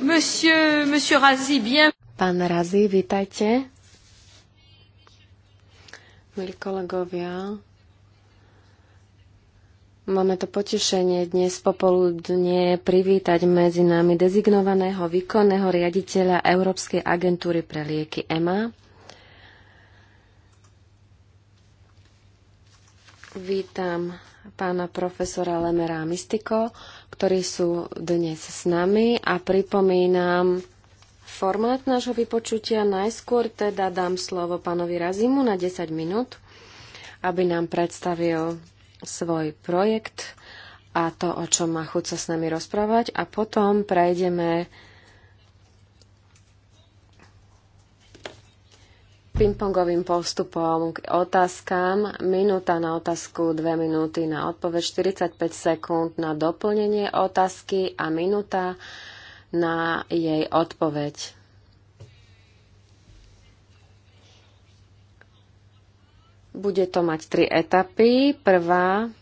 Monsieur, monsieur Razi, bien. Pán Razi, vítajte. Milí kolegovia, Máme to potešenie dnes popoludne privítať medzi nami dezignovaného výkonného riaditeľa Európskej agentúry pre lieky EMA. Vítam pána profesora Lemera Mystiko, ktorí sú dnes s nami a pripomínam formát nášho vypočutia. Najskôr teda dám slovo pánovi Razimu na 10 minút, aby nám predstavil svoj projekt a to, o čom má chuť sa s nami rozprávať a potom prejdeme pingpongovým postupom k otázkam. Minúta na otázku, dve minúty na odpoveď, 45 sekúnd na doplnenie otázky a minúta na jej odpoveď. Bude to mať tri etapy. Prvá,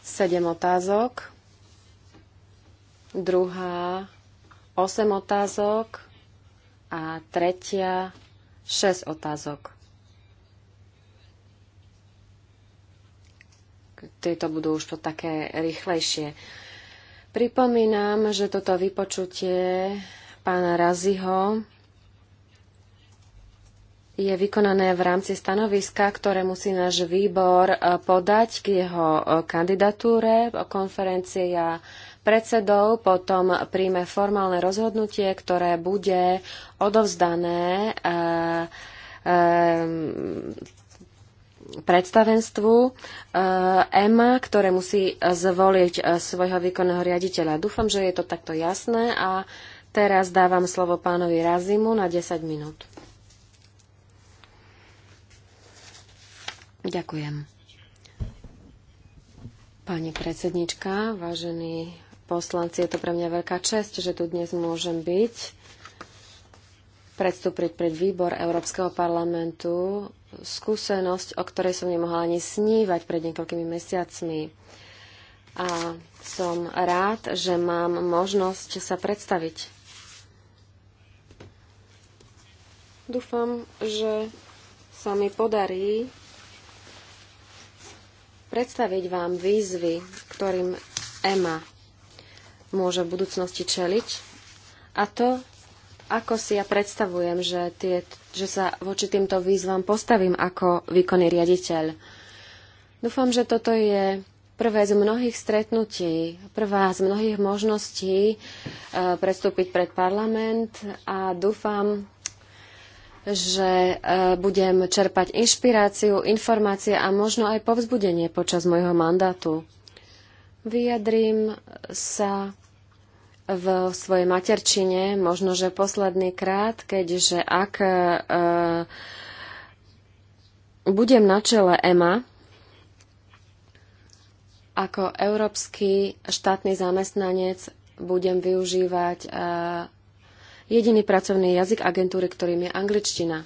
sedem otázok. Druhá, osem otázok. A tretia, 6 otázok. Tieto budú už to také rýchlejšie. Pripomínam, že toto vypočutie pána Raziho je vykonané v rámci stanoviska, ktoré musí náš výbor eh, podať k jeho eh, kandidatúre. O konferencia predsedov potom príjme formálne rozhodnutie, ktoré bude odovzdané e, e, predstavenstvu e, EMA, ktoré musí zvoliť svojho výkonného riaditeľa. Dúfam, že je to takto jasné a teraz dávam slovo pánovi Razimu na 10 minút. Ďakujem. Pani predsednička, vážení poslanci. Je to pre mňa veľká čest, že tu dnes môžem byť, predstúpiť pred výbor Európskeho parlamentu, skúsenosť, o ktorej som nemohla ani snívať pred niekoľkými mesiacmi. A som rád, že mám možnosť sa predstaviť. Dúfam, že sa mi podarí predstaviť vám výzvy, ktorým EMA môže v budúcnosti čeliť. A to, ako si ja predstavujem, že, tie, že sa voči týmto výzvam postavím ako výkonný riaditeľ. Dúfam, že toto je prvé z mnohých stretnutí, prvá z mnohých možností e, predstúpiť pred parlament a dúfam, že e, budem čerpať inšpiráciu, informácie a možno aj povzbudenie počas môjho mandátu. Vyjadrím sa v svojej materčine, možno, že posledný krát, keďže ak e, budem na čele EMA, ako európsky štátny zamestnanec budem využívať e, jediný pracovný jazyk agentúry, ktorým je angličtina.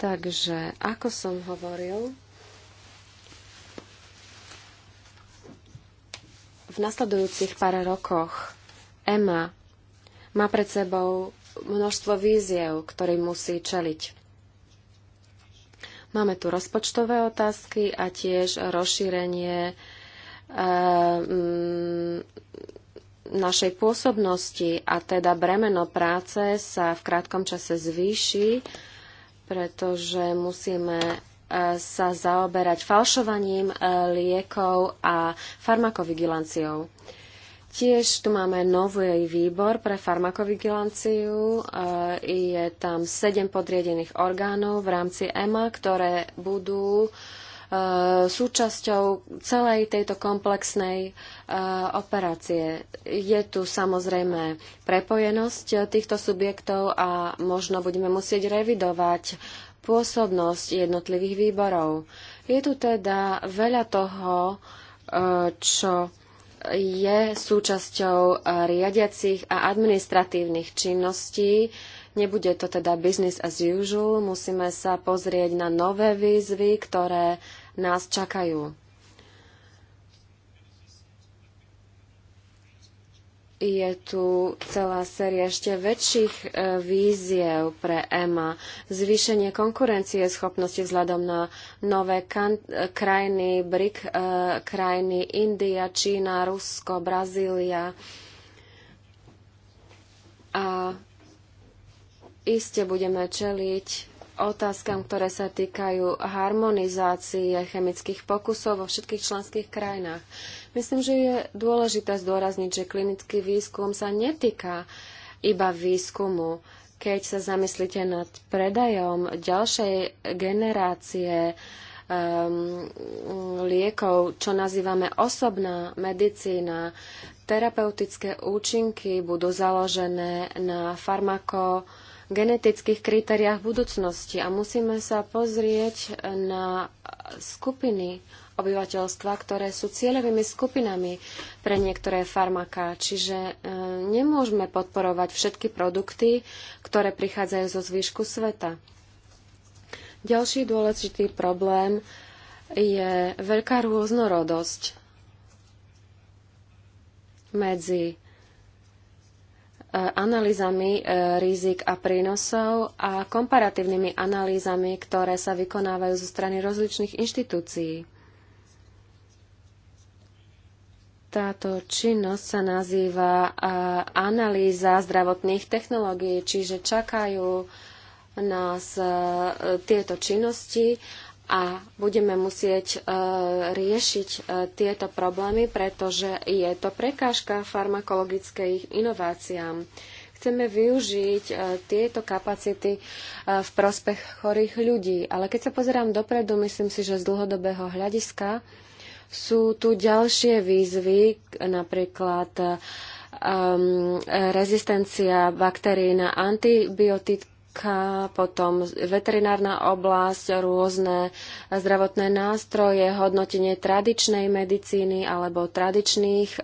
Takže, ako som hovoril, v nasledujúcich pár rokoch EMA má pred sebou množstvo víziev, ktorým musí čeliť. Máme tu rozpočtové otázky a tiež rozšírenie e, mm, našej pôsobnosti a teda bremeno práce sa v krátkom čase zvýši, pretože musíme sa zaoberať falšovaním e, liekov a farmakovigilanciou. Tiež tu máme nový výbor pre farmakovigilanciu. E, je tam sedem podriedených orgánov v rámci EMA, ktoré budú e, súčasťou celej tejto komplexnej operácie. Je tu samozrejme prepojenosť týchto subjektov a možno budeme musieť revidovať pôsobnosť jednotlivých výborov. Je tu teda veľa toho, e, čo je súčasťou e, riadiacich a administratívnych činností. Nebude to teda business as usual, musíme sa pozrieť na nové výzvy, ktoré nás čakajú. je tu celá séria ešte väčších e, víziev pre EMA. Zvýšenie konkurencie schopnosti vzhľadom na nové krajiny, BRIC e, krajiny, India, Čína, Rusko, Brazília. A iste budeme čeliť otázkam, ktoré sa týkajú harmonizácie chemických pokusov vo všetkých členských krajinách. Myslím, že je dôležité zdôrazniť, že klinický výskum sa netýka iba výskumu. Keď sa zamyslíte nad predajom ďalšej generácie um, liekov, čo nazývame osobná medicína, terapeutické účinky budú založené na farmako genetických kritériách budúcnosti a musíme sa pozrieť na skupiny obyvateľstva, ktoré sú cieľovými skupinami pre niektoré farmaká. Čiže e, nemôžeme podporovať všetky produkty, ktoré prichádzajú zo zvyšku sveta. Ďalší dôležitý problém je veľká rôznorodosť medzi analýzami e, rizik a prínosov a komparatívnymi analýzami, ktoré sa vykonávajú zo strany rozličných inštitúcií. Táto činnosť sa nazýva e, analýza zdravotných technológií, čiže čakajú nás e, tieto činnosti a budeme musieť e, riešiť e, tieto problémy, pretože je to prekážka farmakologických inováciám. Chceme využiť e, tieto kapacity v prospech chorých ľudí, ale keď sa pozerám dopredu, myslím si, že z dlhodobého hľadiska sú tu ďalšie výzvy, napríklad um, rezistencia baktérií na antibiotika, politika, potom veterinárna oblasť, rôzne zdravotné nástroje, hodnotenie tradičnej medicíny alebo tradičných e,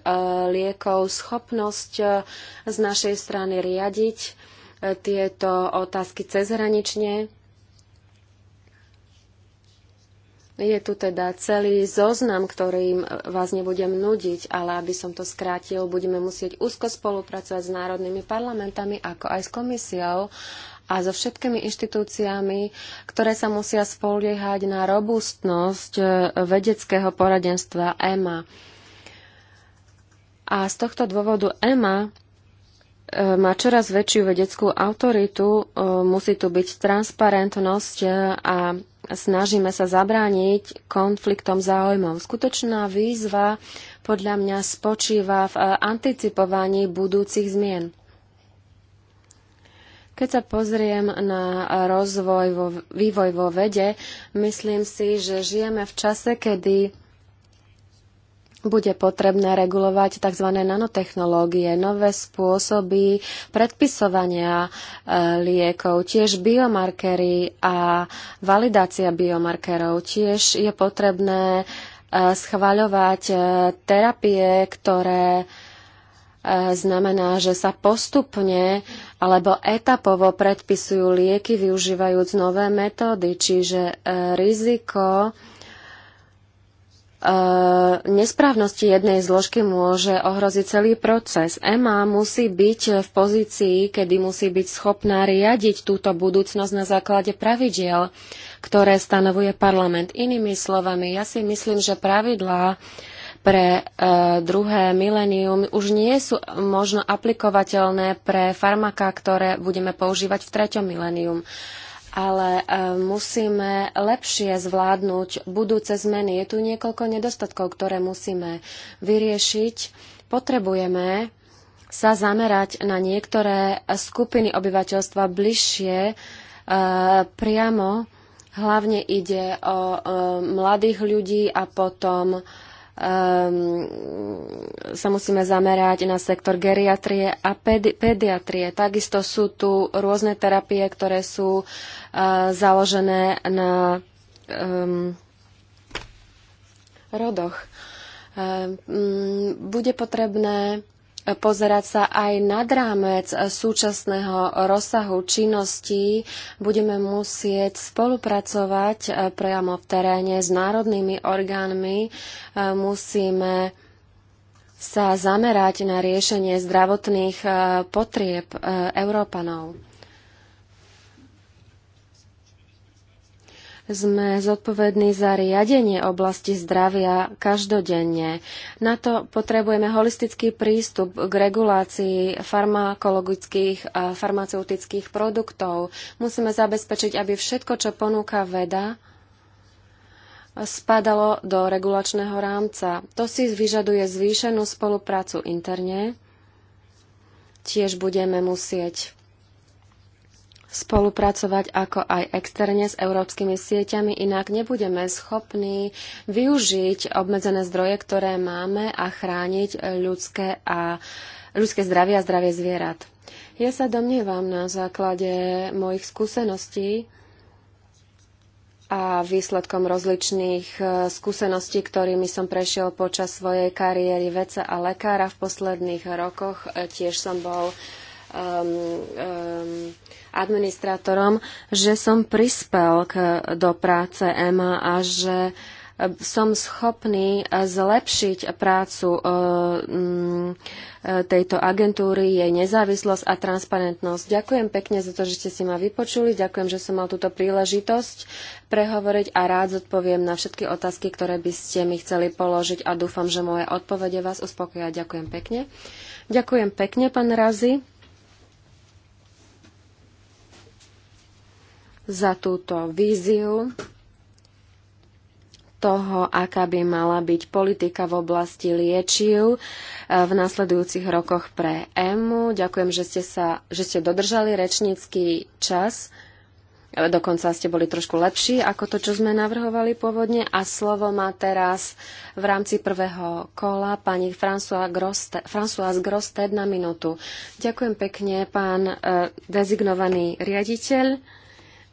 liekov, schopnosť e, z našej strany riadiť e, tieto otázky cezhranične. Je tu teda celý zoznam, ktorým vás nebudem nudiť, ale aby som to skrátil, budeme musieť úzko spolupracovať s národnými parlamentami, ako aj s komisiou, a so všetkými inštitúciami, ktoré sa musia spoliehať na robustnosť e, vedeckého poradenstva EMA. A z tohto dôvodu EMA e, má čoraz väčšiu vedeckú autoritu, e, musí tu byť transparentnosť a snažíme sa zabrániť konfliktom záujmov. Skutočná výzva podľa mňa spočíva v anticipovaní budúcich zmien. Keď sa pozriem na rozvoj vo, vývoj vo vede, myslím si, že žijeme v čase, kedy bude potrebné regulovať tzv. nanotechnológie, nové spôsoby predpisovania e, liekov, tiež biomarkery a validácia biomarkerov. Tiež je potrebné e, schvaľovať e, terapie, ktoré znamená, že sa postupne alebo etapovo predpisujú lieky využívajúc nové metódy, čiže e, riziko e, nesprávnosti jednej zložky môže ohroziť celý proces. EMA musí byť v pozícii, kedy musí byť schopná riadiť túto budúcnosť na základe pravidiel, ktoré stanovuje parlament. Inými slovami, ja si myslím, že pravidlá pre e, druhé milénium už nie sú možno aplikovateľné pre farmaká, ktoré budeme používať v treťom milénium. Ale e, musíme lepšie zvládnuť budúce zmeny. Je tu niekoľko nedostatkov, ktoré musíme vyriešiť. Potrebujeme sa zamerať na niektoré skupiny obyvateľstva bližšie e, priamo Hlavne ide o e, mladých ľudí a potom Ehm, sa musíme zamerať na sektor geriatrie a pedi- pediatrie. Takisto sú tu rôzne terapie, ktoré sú eh, založené na um, rodoch. Um, bude potrebné pozerať sa aj nad rámec súčasného rozsahu činností. Budeme musieť spolupracovať e, priamo v teréne s národnými orgánmi. E, musíme sa zamerať na riešenie zdravotných e, potrieb Európanov. sme zodpovední za riadenie oblasti zdravia každodenne. Na to potrebujeme holistický prístup k regulácii farmakologických a farmaceutických produktov. Musíme zabezpečiť, aby všetko, čo ponúka veda, spadalo do regulačného rámca. To si vyžaduje zvýšenú spoluprácu interne. Tiež budeme musieť spolupracovať ako aj externe s európskymi sieťami, inak nebudeme schopní využiť obmedzené zdroje, ktoré máme a chrániť ľudské, a, ľudské zdravie a zdravie zvierat. Ja sa domnievam na základe mojich skúseností a výsledkom rozličných e, skúseností, ktorými som prešiel počas svojej kariéry vedca a lekára v posledných rokoch. E, tiež som bol Um, um, administrátorom, že som prispel k, do práce EMA a že um, som schopný uh, zlepšiť prácu uh, um, uh, tejto agentúry, jej nezávislosť a transparentnosť. Ďakujem pekne za to, že ste si ma vypočuli, ďakujem, že som mal túto príležitosť prehovoriť a rád zodpoviem na všetky otázky, ktoré by ste mi chceli položiť a dúfam, že moje odpovede vás uspokoja. Ďakujem pekne. Ďakujem pekne, pán Razi. za túto víziu toho, aká by mala byť politika v oblasti liečiv eh, v nasledujúcich rokoch pre EMU. Ďakujem, že ste, sa, že ste dodržali rečnícky čas. Eh, dokonca ste boli trošku lepší ako to, čo sme navrhovali pôvodne. A slovo má teraz v rámci prvého kola pani François Grosted na minútu. Ďakujem pekne, pán eh, dezignovaný riaditeľ.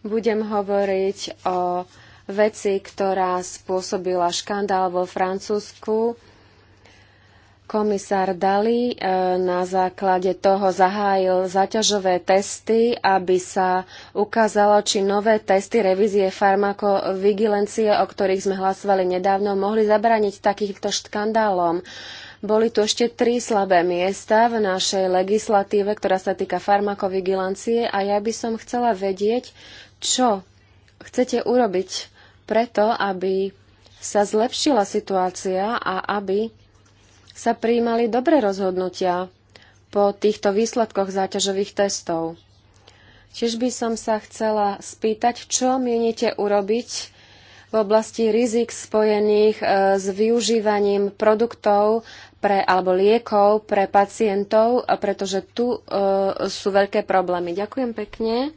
Budem hovoriť o veci, ktorá spôsobila škandál vo Francúzsku. Komisár Dali e, na základe toho zahájil zaťažové testy, aby sa ukázalo, či nové testy revízie farmakovigilencie, o ktorých sme hlasovali nedávno, mohli zabrániť takýmto škandálom. Boli tu ešte tri slabé miesta v našej legislatíve, ktorá sa týka farmakovigilancie a ja by som chcela vedieť, čo chcete urobiť preto, aby sa zlepšila situácia a aby sa prijímali dobré rozhodnutia po týchto výsledkoch záťažových testov. Tiež by som sa chcela spýtať, čo mienite urobiť v oblasti rizik spojených e, s využívaním produktov pre, alebo liekov pre pacientov, pretože tu uh, sú veľké problémy. Ďakujem pekne.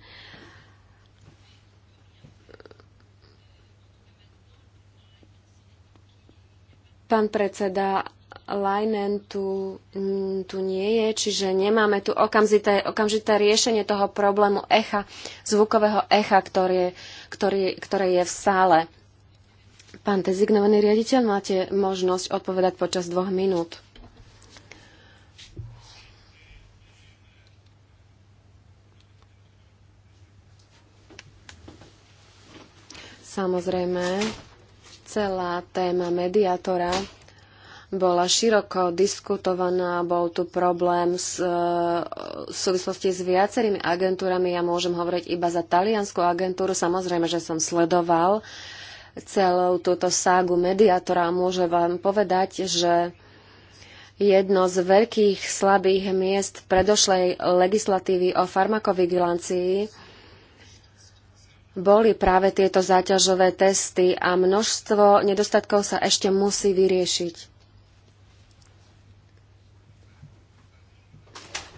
Pán predseda, Leinen tu, mm, tu nie je, čiže nemáme tu okamžité, okamžité riešenie toho problému echa, zvukového echa, ktoré, ktoré, ktoré je v sále. Pán dezignovaný riaditeľ, máte možnosť odpovedať počas dvoch minút. Samozrejme, Celá téma mediátora bola široko diskutovaná, bol tu problém s, e, v súvislosti s viacerými agentúrami. Ja môžem hovoriť iba za taliansku agentúru. Samozrejme, že som sledoval celú túto ságu mediátora a môžem vám povedať, že jedno z veľkých slabých miest predošlej legislatívy o farmakovigilancii boli práve tieto záťažové testy a množstvo nedostatkov sa ešte musí vyriešiť.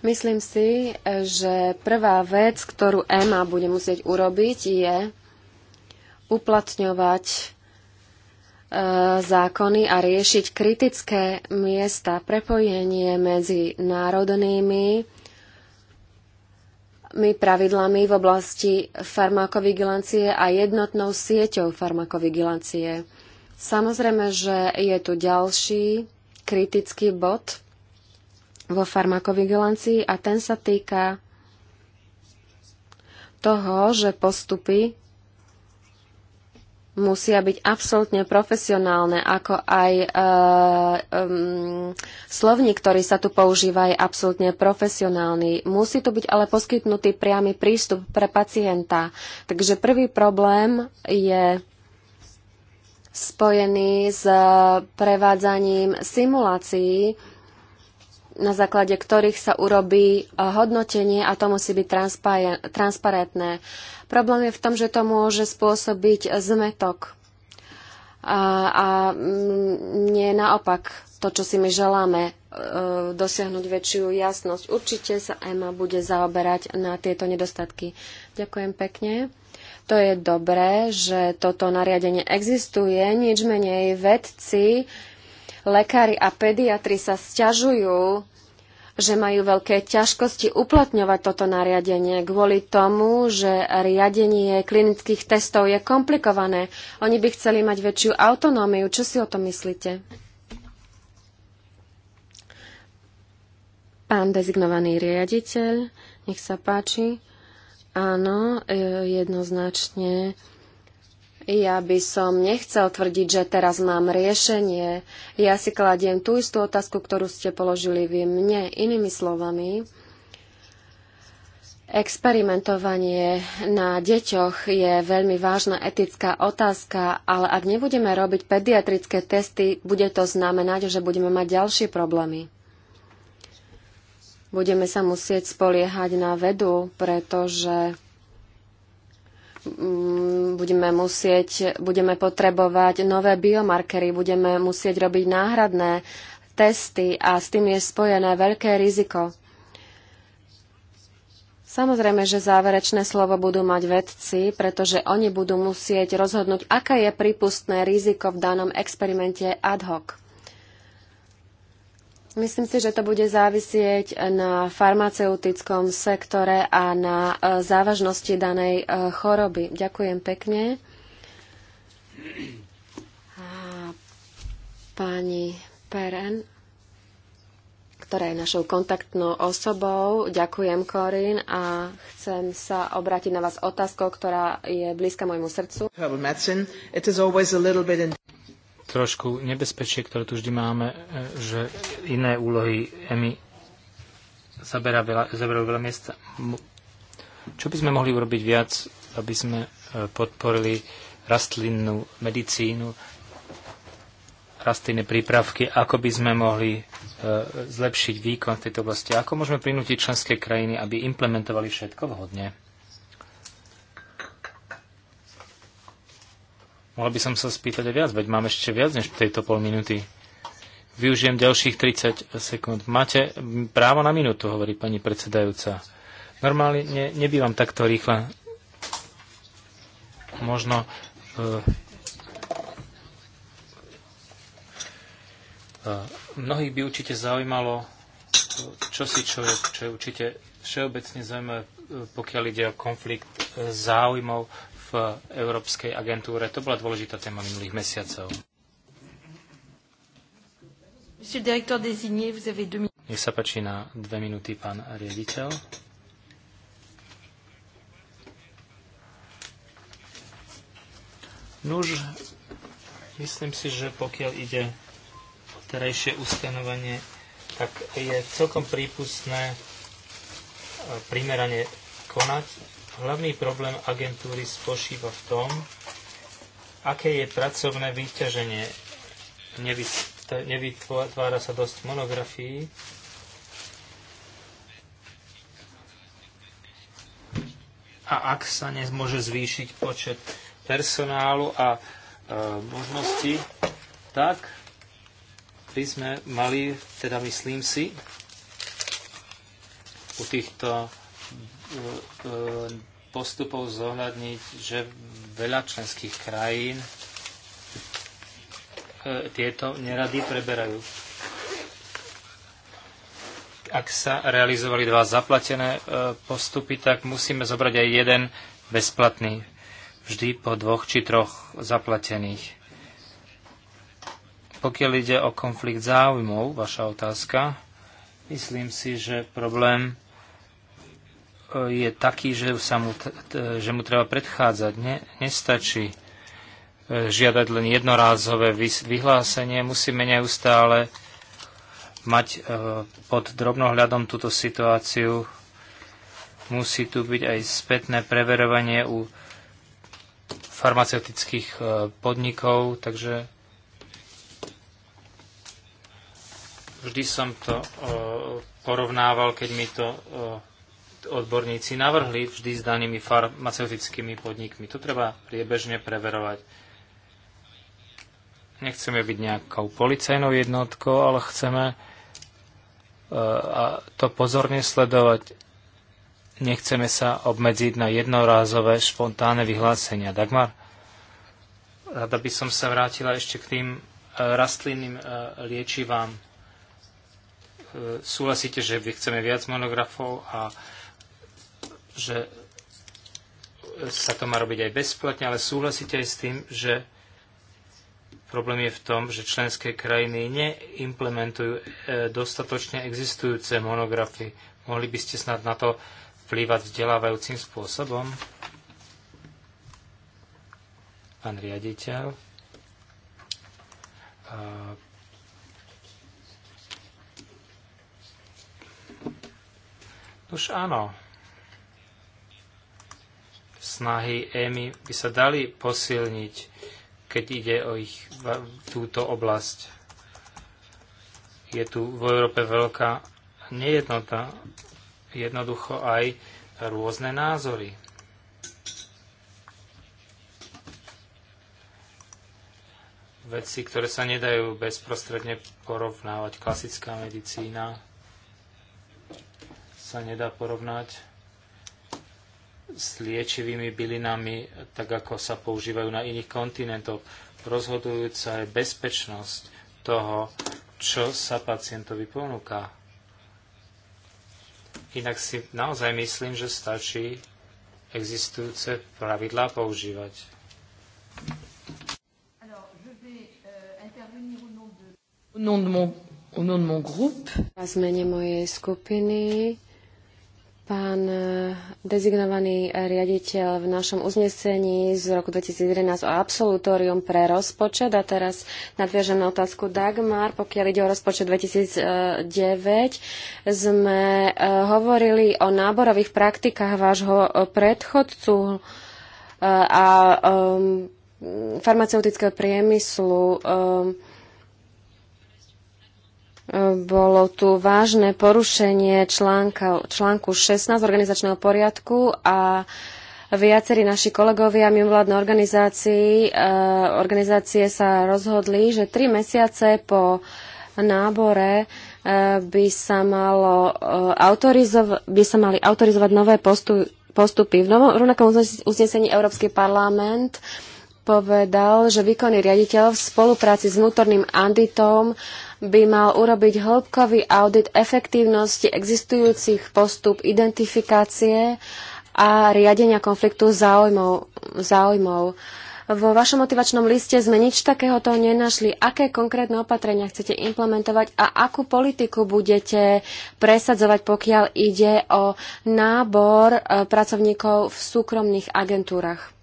Myslím si, že prvá vec, ktorú EMA bude musieť urobiť, je uplatňovať e, zákony a riešiť kritické miesta, prepojenie medzi národnými novými pravidlami v oblasti farmakovigilancie a jednotnou sieťou farmakovigilancie. Samozrejme, že je tu ďalší kritický bod vo farmakovigilancii a ten sa týka toho, že postupy musia byť absolútne profesionálne, ako aj e, um, slovník, ktorý sa tu používa, je absolútne profesionálny. Musí tu byť ale poskytnutý priamy prístup pre pacienta. Takže prvý problém je spojený s prevádzaním simulácií na základe ktorých sa urobí eh, hodnotenie a to musí byť transparentné. Problém je v tom, že to môže spôsobiť eh, zmetok. A, a mm, nie naopak to, čo si my želáme, eh, dosiahnuť väčšiu jasnosť. Určite sa EMA bude zaoberať na tieto nedostatky. Ďakujem pekne. To je dobré, že toto nariadenie existuje. Nič menej vedci Lekári a pediatri sa sťažujú, že majú veľké ťažkosti uplatňovať toto nariadenie kvôli tomu, že riadenie klinických testov je komplikované. Oni by chceli mať väčšiu autonómiu. Čo si o to myslíte? Pán dezignovaný riaditeľ, nech sa páči. Áno, e, jednoznačne ja by som nechcel tvrdiť, že teraz mám riešenie. Ja si kladiem tú istú otázku, ktorú ste položili vy mne. Inými slovami, experimentovanie na deťoch je veľmi vážna etická otázka, ale ak nebudeme robiť pediatrické testy, bude to znamenať, že budeme mať ďalšie problémy. Budeme sa musieť spoliehať na vedu, pretože Mm, budeme musieť, budeme potrebovať nové biomarkery, budeme musieť robiť náhradné testy a s tým je spojené veľké riziko. Samozrejme, že záverečné slovo budú mať vedci, pretože oni budú musieť rozhodnúť, aké je prípustné riziko v danom experimente ad hoc. Myslím si, že to bude závisieť na farmaceutickom sektore a na e, závažnosti danej e, choroby. Ďakujem pekne. Pani Peren, ktorá je našou kontaktnou osobou. Ďakujem, Korin, a chcem sa obrátiť na vás otázkou, ktorá je blízka môjmu srdcu trošku nebezpečie, ktoré tu vždy máme, e, že iné úlohy EMI zabera veľa, zaberajú veľa miesta. Čo by sme mohli urobiť viac, aby sme e, podporili rastlinnú medicínu, rastlinné prípravky, ako by sme mohli e, zlepšiť výkon v tejto oblasti, ako môžeme prinútiť členské krajiny, aby implementovali všetko vhodne. Mohol by som sa spýtať aj viac, veď mám ešte viac než tejto pol minúty. Využijem ďalších 30 sekúnd. Máte právo na minútu, hovorí pani predsedajúca. Normálne ne, nebývam takto rýchle. Možno uh, Mnohých by určite zaujímalo si čo je, čo je určite všeobecne zaujímavé, eh, pokiaľ ide o konflikt záujmov Európskej agentúre. To bola dôležitá téma minulých mesiacov. Nech sa páči na dve minúty, pán riaditeľ. Nuž, myslím si, že pokiaľ ide o terajšie ustanovenie, tak je celkom prípustné e, primerane konať Hlavný problém agentúry spočíva v tom, aké je pracovné výťaženie. Nevytvára sa dosť monografií, a ak sa nezmôže zvýšiť počet personálu a e, možností, tak by sme mali, teda myslím si, u týchto E, postupov zohľadniť, že veľa členských krajín e, tieto nerady preberajú. Ak sa realizovali dva zaplatené e, postupy, tak musíme zobrať aj jeden bezplatný. Vždy po dvoch či troch zaplatených. Pokiaľ ide o konflikt záujmov, vaša otázka, myslím si, že problém je taký, že, sa mu, že mu treba predchádzať. Ne, nestačí e, žiadať len jednorázové vyhlásenie. Musíme neustále mať e, pod drobnohľadom túto situáciu. Musí tu byť aj spätné preverovanie u farmaceutických e, podnikov, takže vždy som to porovnával, keď mi to odborníci navrhli vždy s danými farmaceutickými podnikmi. To treba priebežne preverovať. Nechceme byť nejakou policajnou jednotkou, ale chceme e, to pozorne sledovať. Nechceme sa obmedziť na jednorázové spontánne vyhlásenia. Dagmar, rada by som sa vrátila ešte k tým e, rastlinným e, liečivám súhlasíte, že chceme viac monografov a že sa to má robiť aj bezplatne, ale súhlasíte aj s tým, že problém je v tom, že členské krajiny neimplementujú e, dostatočne existujúce monografy. Mohli by ste snad na to vplývať vzdelávajúcim spôsobom? Pán riaditeľ. Už áno, snahy EMI by sa dali posilniť, keď ide o ich túto oblasť. Je tu v Európe veľká nejednota, jednoducho aj rôzne názory. Veci, ktoré sa nedajú bezprostredne porovnávať. Klasická medicína sa nedá porovnať s liečivými bylinami, tak ako sa používajú na iných kontinentoch. Rozhodujúca je bezpečnosť toho, čo sa pacientovi ponúka. Inak si naozaj myslím, že stačí existujúce pravidlá používať. ce moment, mojej skupiny Pán e, dezignovaný riaditeľ v našom uznesení z roku 2011 o absolutórium pre rozpočet a teraz nadviažem na otázku Dagmar. Pokiaľ ide o rozpočet 2009, sme e, hovorili o náborových praktikách vášho predchodcu e, a farmaceutického priemyslu bolo tu vážne porušenie článka, článku 16 organizačného poriadku a viacerí naši kolegovia mimovládne organizácii, e, organizácie sa rozhodli, že tri mesiace po nábore e, by sa, malo, e, by sa mali autorizovať nové postupy. V novom rovnakom uznesení Európsky parlament povedal, že výkonný riaditeľ v spolupráci s vnútorným auditom by mal urobiť hĺbkový audit efektívnosti existujúcich postup identifikácie a riadenia konfliktu záujmov. záujmov. Vo vašom motivačnom liste sme nič takéhoto nenašli. Aké konkrétne opatrenia chcete implementovať a akú politiku budete presadzovať, pokiaľ ide o nábor e, pracovníkov v súkromných agentúrach?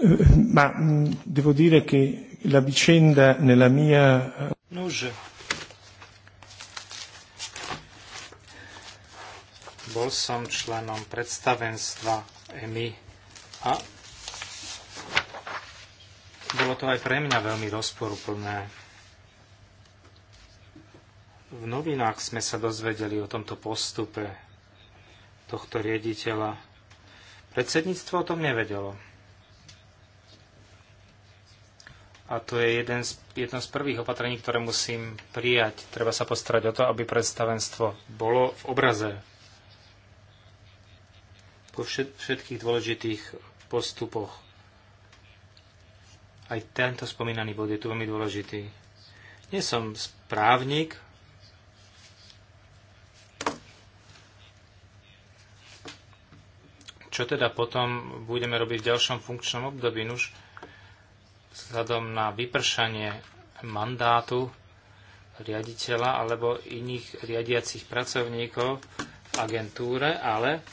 Eh, ma mm, devo dire che la vicenda nella mia... Eh, Nože. Bol som členom predstavenstva EMI a bolo to aj pre mňa veľmi rozporuplné. V novinách sme sa dozvedeli o tomto postupe tohto riediteľa. Predsedníctvo o tom nevedelo. a to je jeden z, jedno z prvých opatrení, ktoré musím prijať. Treba sa postarať o to, aby predstavenstvo bolo v obraze. Po všetkých dôležitých postupoch. Aj tento spomínaný bod je tu veľmi dôležitý. Nie som správnik, čo teda potom budeme robiť v ďalšom funkčnom období. Nuž, no vzhľadom na vypršanie mandátu riaditeľa alebo iných riadiacich pracovníkov v agentúre, ale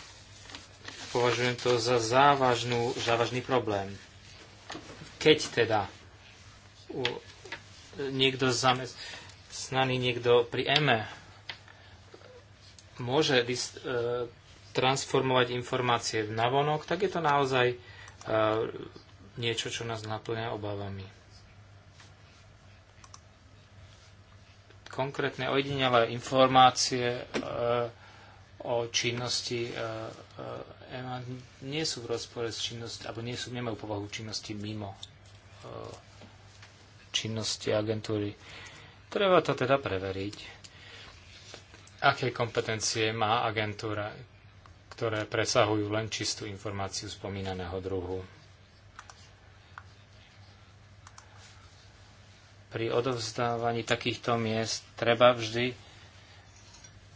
považujem to za závažnú, závažný problém. Keď teda u, niekto zamestnaný, niekto pri EME môže dis, e, transformovať informácie v navonok, tak je to naozaj e, niečo, čo nás naplňa obavami. Konkrétne ojedinelé informácie e, o činnosti e, e nie sú v rozpore s činnosti alebo nie sú, nemajú povahu činnosti mimo e, činnosti agentúry. Treba to teda preveriť, aké kompetencie má agentúra, ktoré presahujú len čistú informáciu spomínaného druhu. pri odovzdávaní takýchto miest treba vždy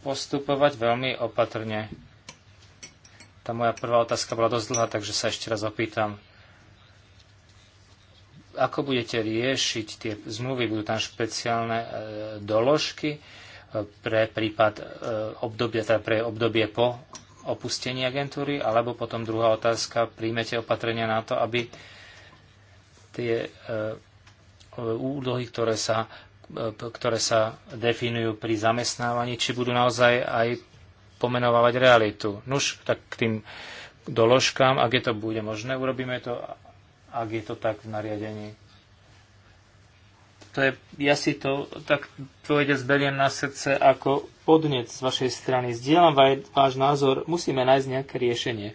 postupovať veľmi opatrne. Tá moja prvá otázka bola dosť dlhá, takže sa ešte raz opýtam. Ako budete riešiť tie zmluvy? Budú tam špeciálne e, doložky e, pre prípad e, obdobia, teda pre obdobie po opustení agentúry? Alebo potom druhá otázka, príjmete opatrenia na to, aby tie e, E, úlohy, ktoré sa, e, ktoré sa definujú pri zamestnávaní, či budú naozaj aj pomenovávať realitu. Nuž, tak k tým doložkám, ak je to bude možné, urobíme to, ak je to tak v nariadení. To je, ja si to tak povede zberiem na srdce ako podnec z vašej strany. Zdieľam váš názor, musíme nájsť nejaké riešenie.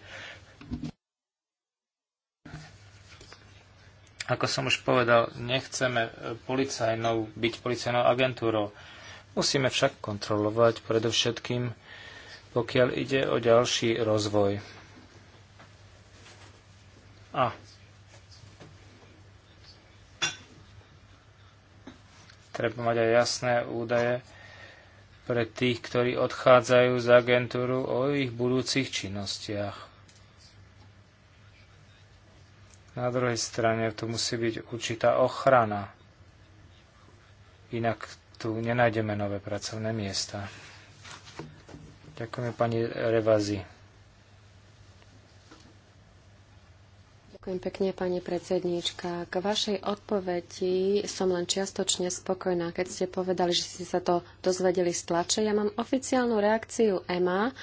Ako som už povedal, nechceme e, policajnou, byť policajnou agentúrou. Musíme však kontrolovať predovšetkým, pokiaľ ide o ďalší rozvoj. A treba mať aj jasné údaje pre tých, ktorí odchádzajú z agentúru o ich budúcich činnostiach. Na druhej strane tu musí byť určitá ochrana. Inak tu nenájdeme nové pracovné miesta. Ďakujeme pani Revazi. Ďakujem pekne, pani predsedníčka. K vašej odpovedi som len čiastočne spokojná, keď ste povedali, že ste sa to dozvedeli z tlače. Ja mám oficiálnu reakciu EMA,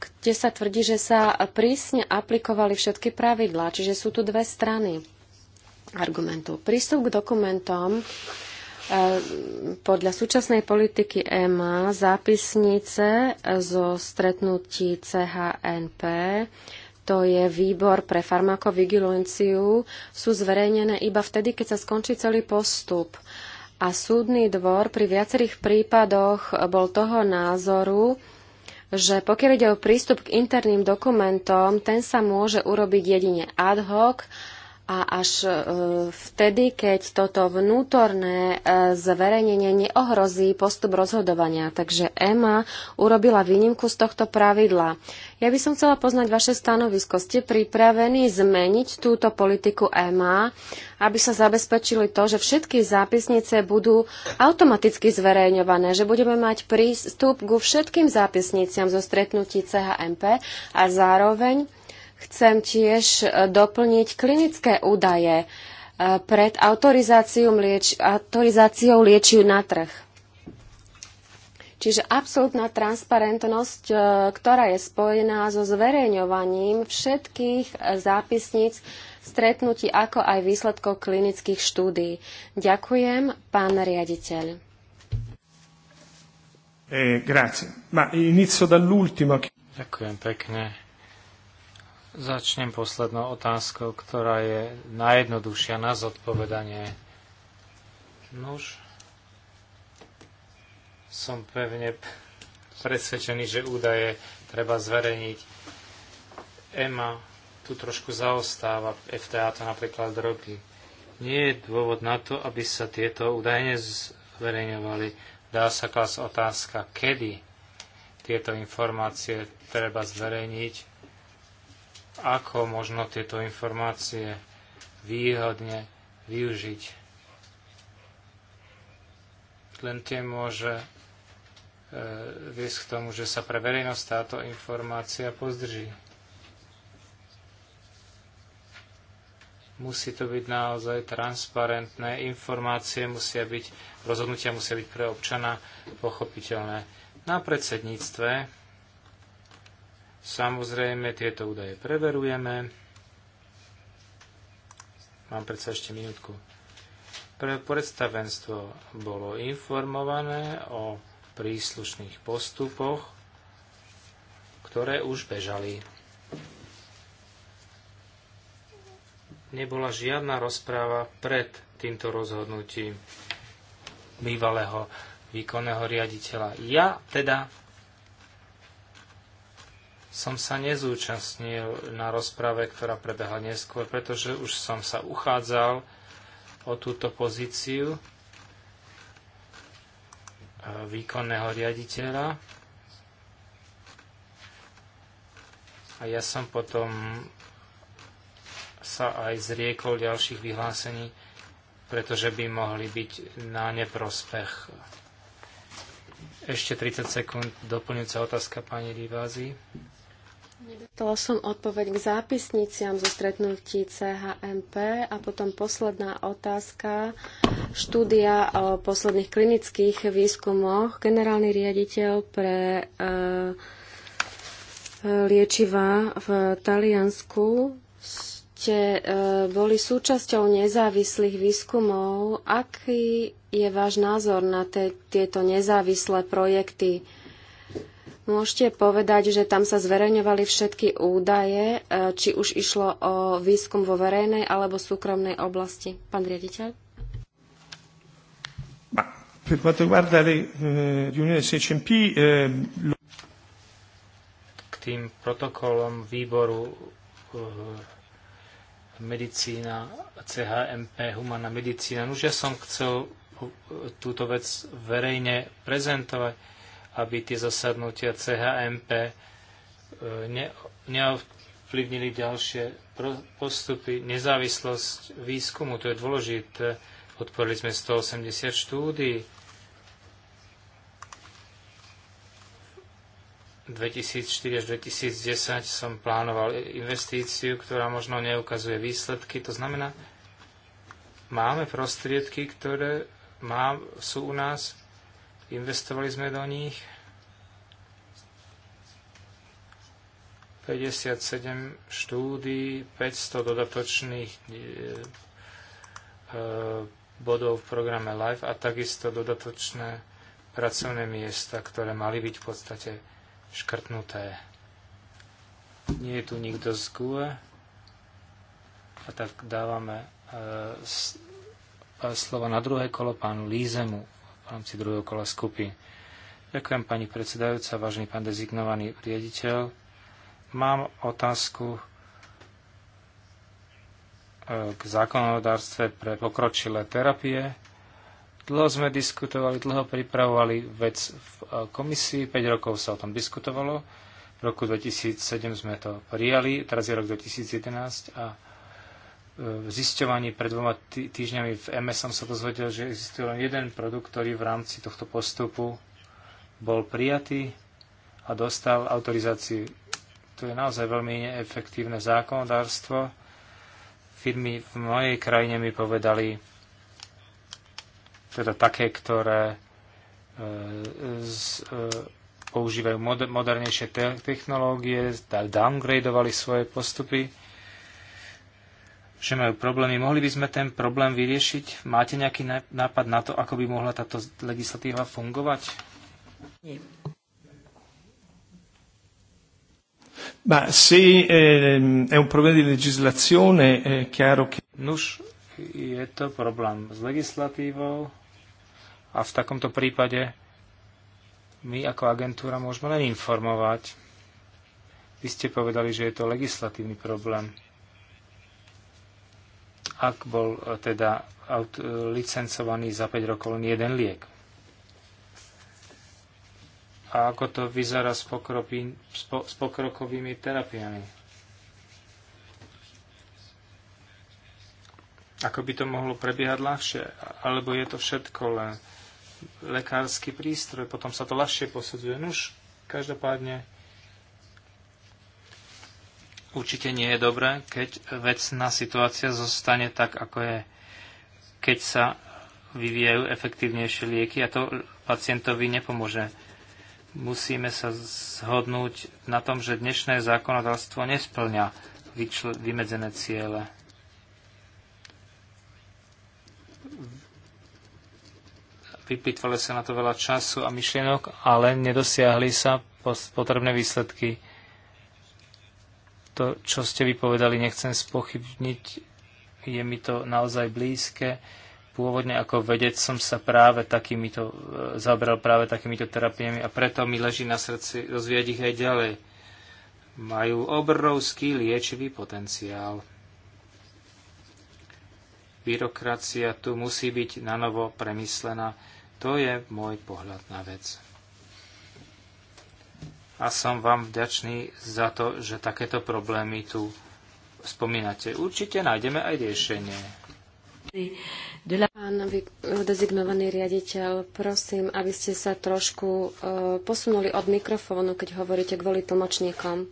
kde sa tvrdí, že sa prísne aplikovali všetky pravidlá, čiže sú tu dve strany argumentu. Prístup k dokumentom e, podľa súčasnej politiky EMA zápisnice zo stretnutí CHNP, to je výbor pre farmakovigilenciu, sú zverejnené iba vtedy, keď sa skončí celý postup. A súdny dvor pri viacerých prípadoch bol toho názoru, že pokiaľ ide o prístup k interným dokumentom, ten sa môže urobiť jedine ad hoc a až e, vtedy, keď toto vnútorné e, zverejnenie neohrozí postup rozhodovania. Takže EMA urobila výnimku z tohto pravidla. Ja by som chcela poznať vaše stanovisko. Ste pripravení zmeniť túto politiku EMA, aby sa zabezpečili to, že všetky zápisnice budú automaticky zverejňované, že budeme mať prístup ku všetkým zápisniciam zo stretnutí CHMP a zároveň Chcem tiež e, doplniť klinické údaje e, pred autorizáciou, lieč, autorizáciou liečiv na trh. Čiže absolútna transparentnosť, e, ktorá je spojená so zverejňovaním všetkých zápisníc stretnutí, ako aj výsledkov klinických štúdí. Ďakujem, pán riaditeľ. Eh, grazie. Ma inizio dall'ultimo. Ďakujem pekne. Začnem poslednou otázkou, ktorá je najjednoduchšia na zodpovedanie. Nuž, som pevne presvedčený, že údaje treba zverejniť. EMA tu trošku zaostáva, FTA to napríklad roky. Nie je dôvod na to, aby sa tieto údaje nezverejňovali. Dá sa klas otázka, kedy tieto informácie treba zverejniť ako možno tieto informácie výhodne využiť. Len tie môže e, viesť k tomu, že sa pre verejnosť táto informácia pozdrží. Musí to byť naozaj transparentné, informácie musia byť, rozhodnutia musia byť pre občana pochopiteľné. Na predsedníctve Samozrejme, tieto údaje preverujeme. Mám predsa ešte minútku. Pre predstavenstvo bolo informované o príslušných postupoch, ktoré už bežali. Nebola žiadna rozpráva pred týmto rozhodnutím bývalého výkonného riaditeľa. Ja teda som sa nezúčastnil na rozprave, ktorá prebehla neskôr, pretože už som sa uchádzal o túto pozíciu e, výkonného riaditeľa. A ja som potom sa aj zriekol ďalších vyhlásení, pretože by mohli byť na neprospech. Ešte 30 sekúnd doplňujúca otázka pani Rivázy. Nedostala som odpoveď k zápisniciam zo stretnutí CHMP a potom posledná otázka. Štúdia o posledných klinických výskumoch. Generálny riaditeľ pre e, liečiva v Taliansku ste e, boli súčasťou nezávislých výskumov. Aký je váš názor na te, tieto nezávislé projekty? Môžete povedať, že tam sa zverejňovali všetky údaje, e, či už išlo o výskum vo verejnej alebo súkromnej oblasti. Pán riaditeľ? Eh, eh, k tým protokolom výboru eh, medicína, CHMP, humana medicína. Už ja som chcel túto vec verejne prezentovať aby tie zasadnutia CHMP e, neovplyvnili ďalšie postupy. Nezávislosť výskumu, to je dôležité. Podporili sme 180 štúdií. 2004 až 2010 som plánoval investíciu, ktorá možno neukazuje výsledky. To znamená, máme prostriedky, ktoré má, sú u nás Investovali sme do nich 57 štúdí, 500 dodatočných e, e, bodov v programe LIFE a takisto dodatočné pracovné miesta, ktoré mali byť v podstate škrtnuté. Nie je tu nikto z GUE a tak dávame e, slovo na druhé kolo pánu Lízemu rámci druhého kola skupy. Ďakujem, pani predsedajúca, vážený pán dezignovaný riaditeľ. Mám otázku e, k zákonodárstve pre pokročilé terapie. Dlho sme diskutovali, dlho pripravovali vec v e, komisii, 5 rokov sa o tom diskutovalo. V roku 2007 sme to prijali, teraz je rok 2011 a v zisťovaní pred dvoma týždňami v e MS e som sa dozvedel, že existuje len jeden produkt, ktorý v rámci tohto postupu bol prijatý a dostal autorizáciu. To je naozaj veľmi neefektívne zákonodárstvo. Firmy v mojej krajine mi povedali, teda také, ktoré e, z, používajú modernejšie technológie, downgradovali svoje postupy že majú problémy. Mohli by sme ten problém vyriešiť? Máte nejaký nápad na to, ako by mohla táto legislatíva fungovať? Nie. Ma se eh, è un problema di legislazione, è chiaro che... Nuž, je to problém s legislatívou a v takomto prípade my ako agentúra môžeme len informovať. Vy ste povedali, že je to legislatívny problém ak bol e, teda e, licencovaný za 5 rokov len jeden liek. A ako to vyzerá s, pokropí, s, po, s pokrokovými terapiami? Ako by to mohlo prebiehať ľahšie? Alebo je to všetko len lekársky prístroj, potom sa to ľahšie posudzuje. Nuž, každopádne určite nie je dobré, keď vecná situácia zostane tak, ako je, keď sa vyvíjajú efektívnejšie lieky a to pacientovi nepomôže. Musíme sa zhodnúť na tom, že dnešné zákonodárstvo nesplňa vymedzené ciele. vyplýtvalo sa na to veľa času a myšlienok, ale nedosiahli sa potrebné výsledky. To, čo ste vypovedali, nechcem spochybniť. Je mi to naozaj blízke. Pôvodne ako vedec som sa práve takýmito, e, zabral práve takýmito terapiami a preto mi leží na srdci rozvíjať ich aj ďalej. Majú obrovský liečivý potenciál. Byrokracia tu musí byť nanovo premyslená. To je môj pohľad na vec a som vám vďačný za to, že takéto problémy tu spomínate. Určite nájdeme aj riešenie. Pán dezignovaný riaditeľ, prosím, aby ste sa trošku e, posunuli od mikrofónu, keď hovoríte kvôli tlmočníkom.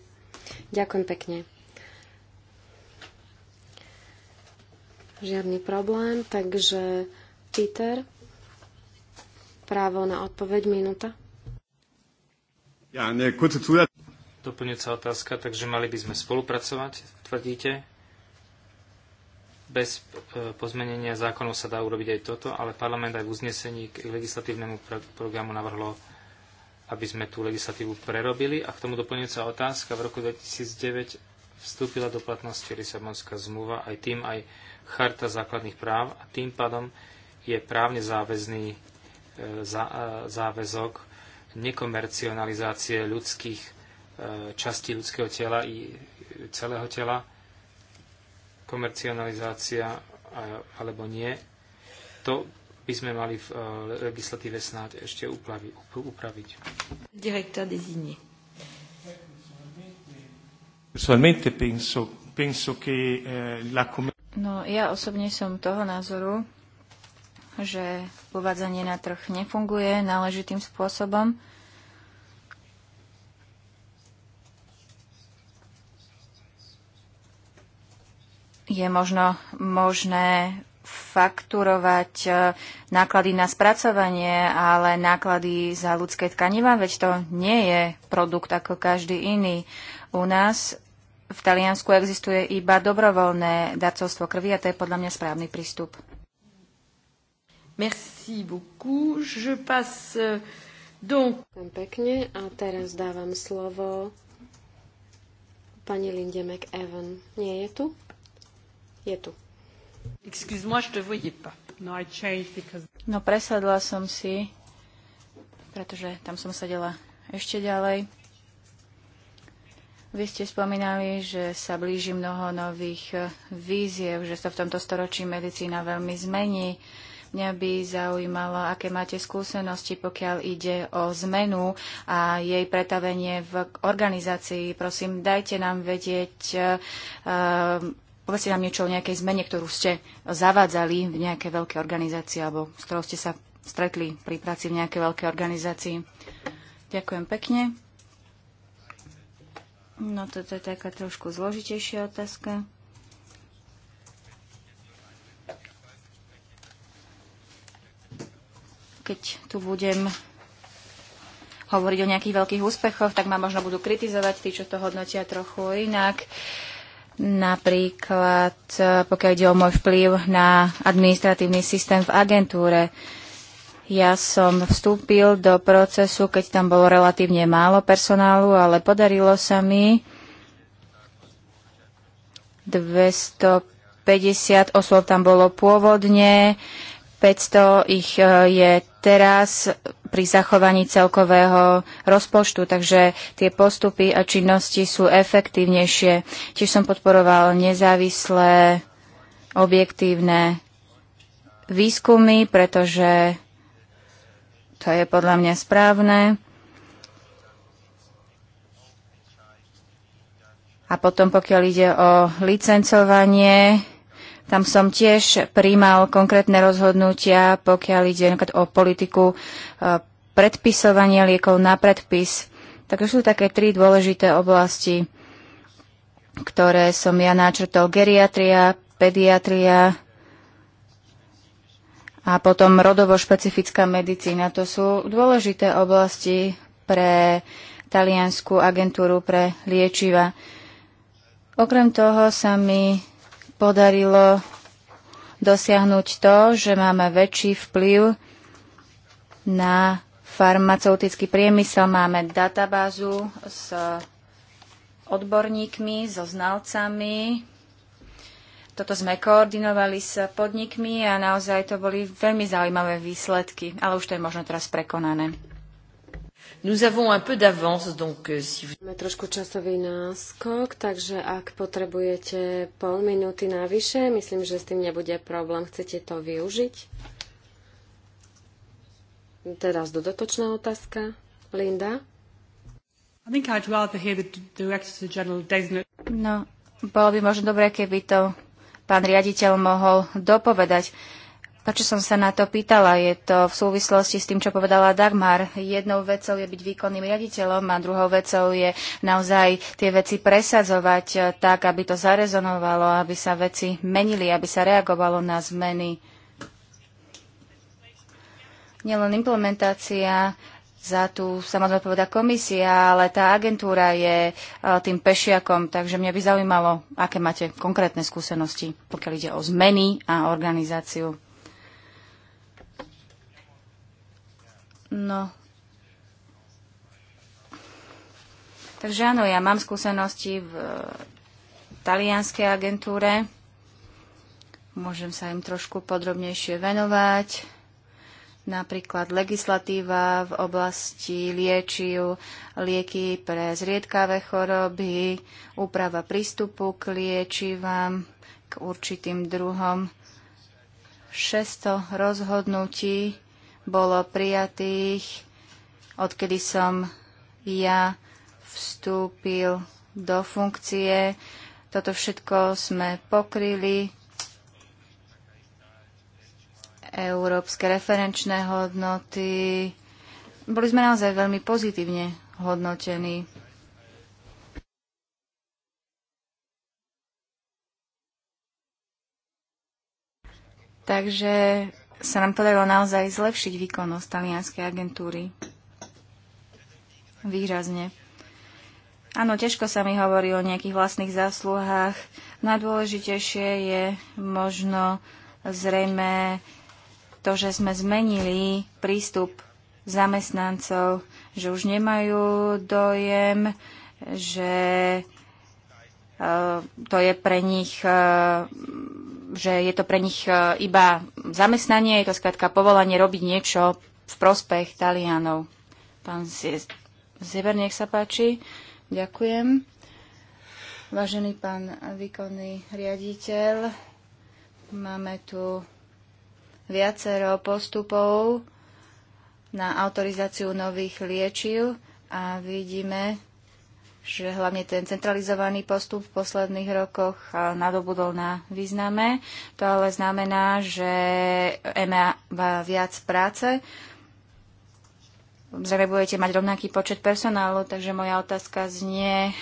Ďakujem pekne. Žiadny problém, takže Peter, právo na odpoveď, minúta. Ja, ne, Doplňujúca otázka, takže mali by sme spolupracovať, tvrdíte? Bez e, pozmenenia zákonov sa dá urobiť aj toto, ale parlament aj v uznesení k legislatívnemu programu navrhlo, aby sme tú legislatívu prerobili. A k tomu doplňujúca otázka, v roku 2009 vstúpila do platnosti Lisabonská zmluva, aj tým aj Charta základných práv a tým pádom je právne záväzný e, e, záväzok nekomercionalizácie ľudských e, častí ľudského tela i celého tela, komercionalizácia e, alebo nie, to by sme mali v e, legislatíve snáď ešte uplavi, upraviť. Direktor designé. Eh, no, ja osobne som toho názoru, že uvádzanie na trh nefunguje náležitým spôsobom. Je možno možné fakturovať e, náklady na spracovanie, ale náklady za ľudské tkanivá, veď to nie je produkt ako každý iný. U nás v Taliansku existuje iba dobrovoľné darcovstvo krvi a to je podľa mňa správny prístup. Merci beaucoup. Je passe euh, donc... Pekne a teraz dávam slovo pani Linde McEwan. Nie je tu? Je tu. Excuse-moi, je te voyais pas. No, I changed because... No, presadla som si, pretože tam som sedela ešte ďalej. Vy ste spomínali, že sa blíži mnoho nových eh, víziev, že sa v tomto storočí medicína veľmi zmení. Mňa by zaujímalo, aké máte skúsenosti, pokiaľ ide o zmenu a jej pretavenie v organizácii. Prosím, dajte nám vedieť, e, povedzte nám niečo o nejakej zmene, ktorú ste zavádzali v nejaké veľké organizácii alebo s ktorou ste sa stretli pri práci v nejakej veľkej organizácii. Ďakujem pekne. No toto je taká trošku zložitejšia otázka. keď tu budem hovoriť o nejakých veľkých úspechoch, tak ma možno budú kritizovať tí, čo to hodnotia trochu inak. Napríklad, pokiaľ ide o môj vplyv na administratívny systém v agentúre, ja som vstúpil do procesu, keď tam bolo relatívne málo personálu, ale podarilo sa mi 250 osôb tam bolo pôvodne, 500 ich eh, je teraz pri zachovaní celkového rozpočtu, takže tie postupy a činnosti sú efektívnejšie. Tiež som podporoval nezávislé, objektívne výskumy, pretože to je podľa mňa správne. A potom, pokiaľ ide o licencovanie, tam som tiež príjmal konkrétne rozhodnutia, pokiaľ ide o politiku e, predpisovania liekov na predpis. Takže sú také tri dôležité oblasti, ktoré som ja načrtol. Geriatria, pediatria a potom rodovo špecifická medicína. To sú dôležité oblasti pre taliansku agentúru pre liečiva. Okrem toho sa mi podarilo dosiahnuť to, že máme väčší vplyv na farmaceutický priemysel. Máme databázu s odborníkmi, so znalcami. Toto sme koordinovali s podnikmi a naozaj to boli veľmi zaujímavé výsledky, ale už to je možno teraz prekonané. Nous avons un peu d'avance, donc euh, si vous... Máme trošku časový náskok, takže ak potrebujete pol minúty navyše, myslím, že s tým nebude problém. Chcete to využiť? Teraz dodatočná otázka. Linda? I think I'd rather hear the Director General designate. No, bolo by možno dobré, keby to pán riaditeľ mohol dopovedať. Prečo som sa na to pýtala? Je to v súvislosti s tým, čo povedala Dagmar. Jednou vecou je byť výkonným riaditeľom a druhou vecou je naozaj tie veci presadzovať tak, aby to zarezonovalo, aby sa veci menili, aby sa reagovalo na zmeny. Nielen implementácia, za tú samozrejme poveda komisia, ale tá agentúra je e, tým pešiakom, takže mňa by zaujímalo, aké máte konkrétne skúsenosti, pokiaľ ide o zmeny a organizáciu. No. Takže áno, ja mám skúsenosti v e, talianskej agentúre. Môžem sa im trošku podrobnejšie venovať. Napríklad legislatíva v oblasti liečiv, lieky pre zriedkavé choroby, úprava prístupu k liečivám, k určitým druhom. 600 rozhodnutí bolo prijatých, odkedy som ja vstúpil do funkcie. Toto všetko sme pokryli. Európske referenčné hodnoty. Boli sme naozaj veľmi pozitívne hodnotení. Takže sa nám podarilo naozaj zlepšiť výkonnosť talianskej agentúry. Výrazne. Áno, ťažko sa mi hovorí o nejakých vlastných zásluhách. Najdôležitejšie je možno zrejme to, že sme zmenili prístup zamestnancov, že už nemajú dojem, že e, to je pre nich e, že je to pre nich e, iba zamestnanie, je to skrátka povolanie robiť niečo v prospech Talianov. Pán Zeber, nech sa páči. Ďakujem. Vážený pán výkonný riaditeľ, máme tu viacero postupov na autorizáciu nových liečiv a vidíme, že hlavne ten centralizovaný postup v posledných rokoch nadobudol na význame. To ale znamená, že EMA má viac práce Zrejme budete mať rovnaký počet personálu, takže moja otázka znie,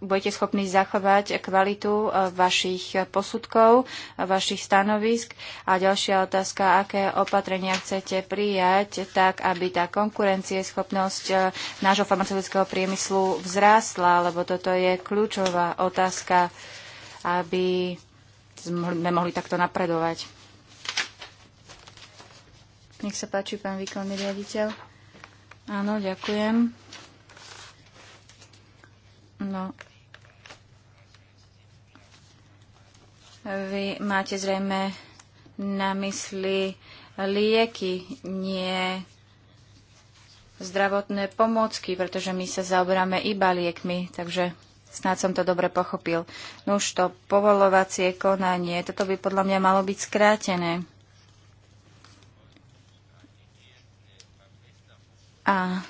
budete schopní zachovať kvalitu vašich posudkov, vašich stanovisk? A ďalšia otázka, aké opatrenia chcete prijať tak, aby tá konkurencieschopnosť nášho farmaceutického priemyslu vzrástla, lebo toto je kľúčová otázka, aby sme mohli takto napredovať. Nech sa páči, pán výkonný riaditeľ. Áno, ďakujem. No. Vy máte zrejme na mysli lieky, nie zdravotné pomôcky, pretože my sa zaoberáme iba liekmi, takže snáď som to dobre pochopil. No už to povolovacie konanie, toto by podľa mňa malo byť skrátené. A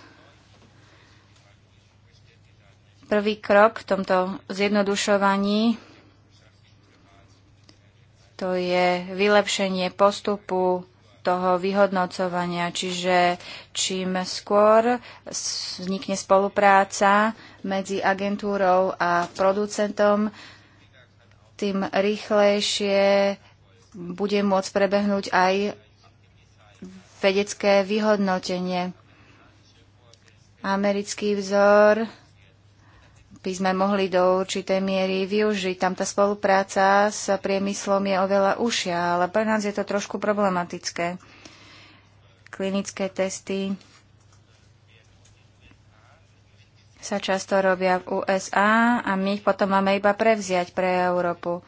prvý krok v tomto zjednodušovaní to je vylepšenie postupu toho vyhodnocovania, čiže čím skôr vznikne spolupráca medzi agentúrou a producentom, tým rýchlejšie bude môcť prebehnúť aj vedecké vyhodnotenie americký vzor by sme mohli do určitej miery využiť. Tam tá spolupráca s priemyslom je oveľa užšia, ale pre nás je to trošku problematické. Klinické testy sa často robia v USA a my ich potom máme iba prevziať pre Európu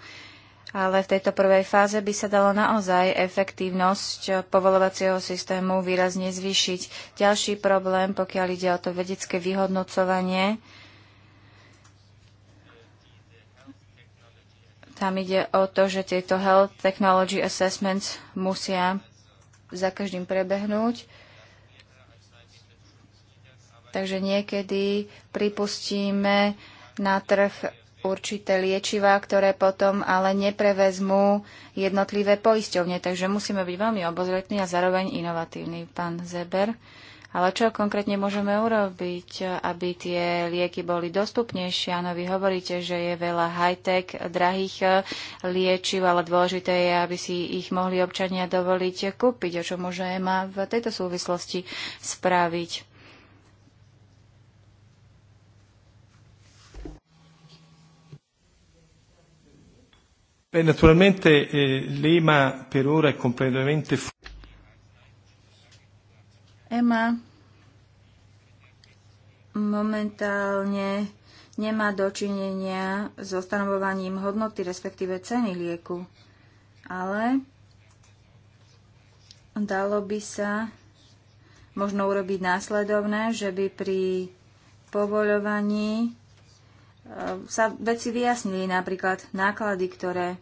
ale v tejto prvej fáze by sa dalo naozaj efektívnosť povolovacieho systému výrazne zvýšiť. Ďalší problém, pokiaľ ide o to vedecké vyhodnocovanie, tam ide o to, že tieto Health Technology Assessments musia za každým prebehnúť. Takže niekedy pripustíme na trh určité liečivá, ktoré potom ale neprevezmú jednotlivé poisťovne. Takže musíme byť veľmi obozretní a zároveň inovatívni, pán Zeber. Ale čo konkrétne môžeme urobiť, aby tie lieky boli dostupnejšie? Áno, vy hovoríte, že je veľa high-tech, drahých eh, liečiv, ale dôležité je, aby si ich mohli občania dovoliť kúpiť, o čo môže EMA v tejto súvislosti spraviť. Beh, naturalmente eh, l'EMA per ora è completamente EMA momentálne nemá dočinenia s ostanovovaním hodnoty, respektíve ceny lieku. Ale dalo by sa možno urobiť následovné, že by pri povoľovaní Ehm, sa veci vyjasnili, napríklad náklady, ktoré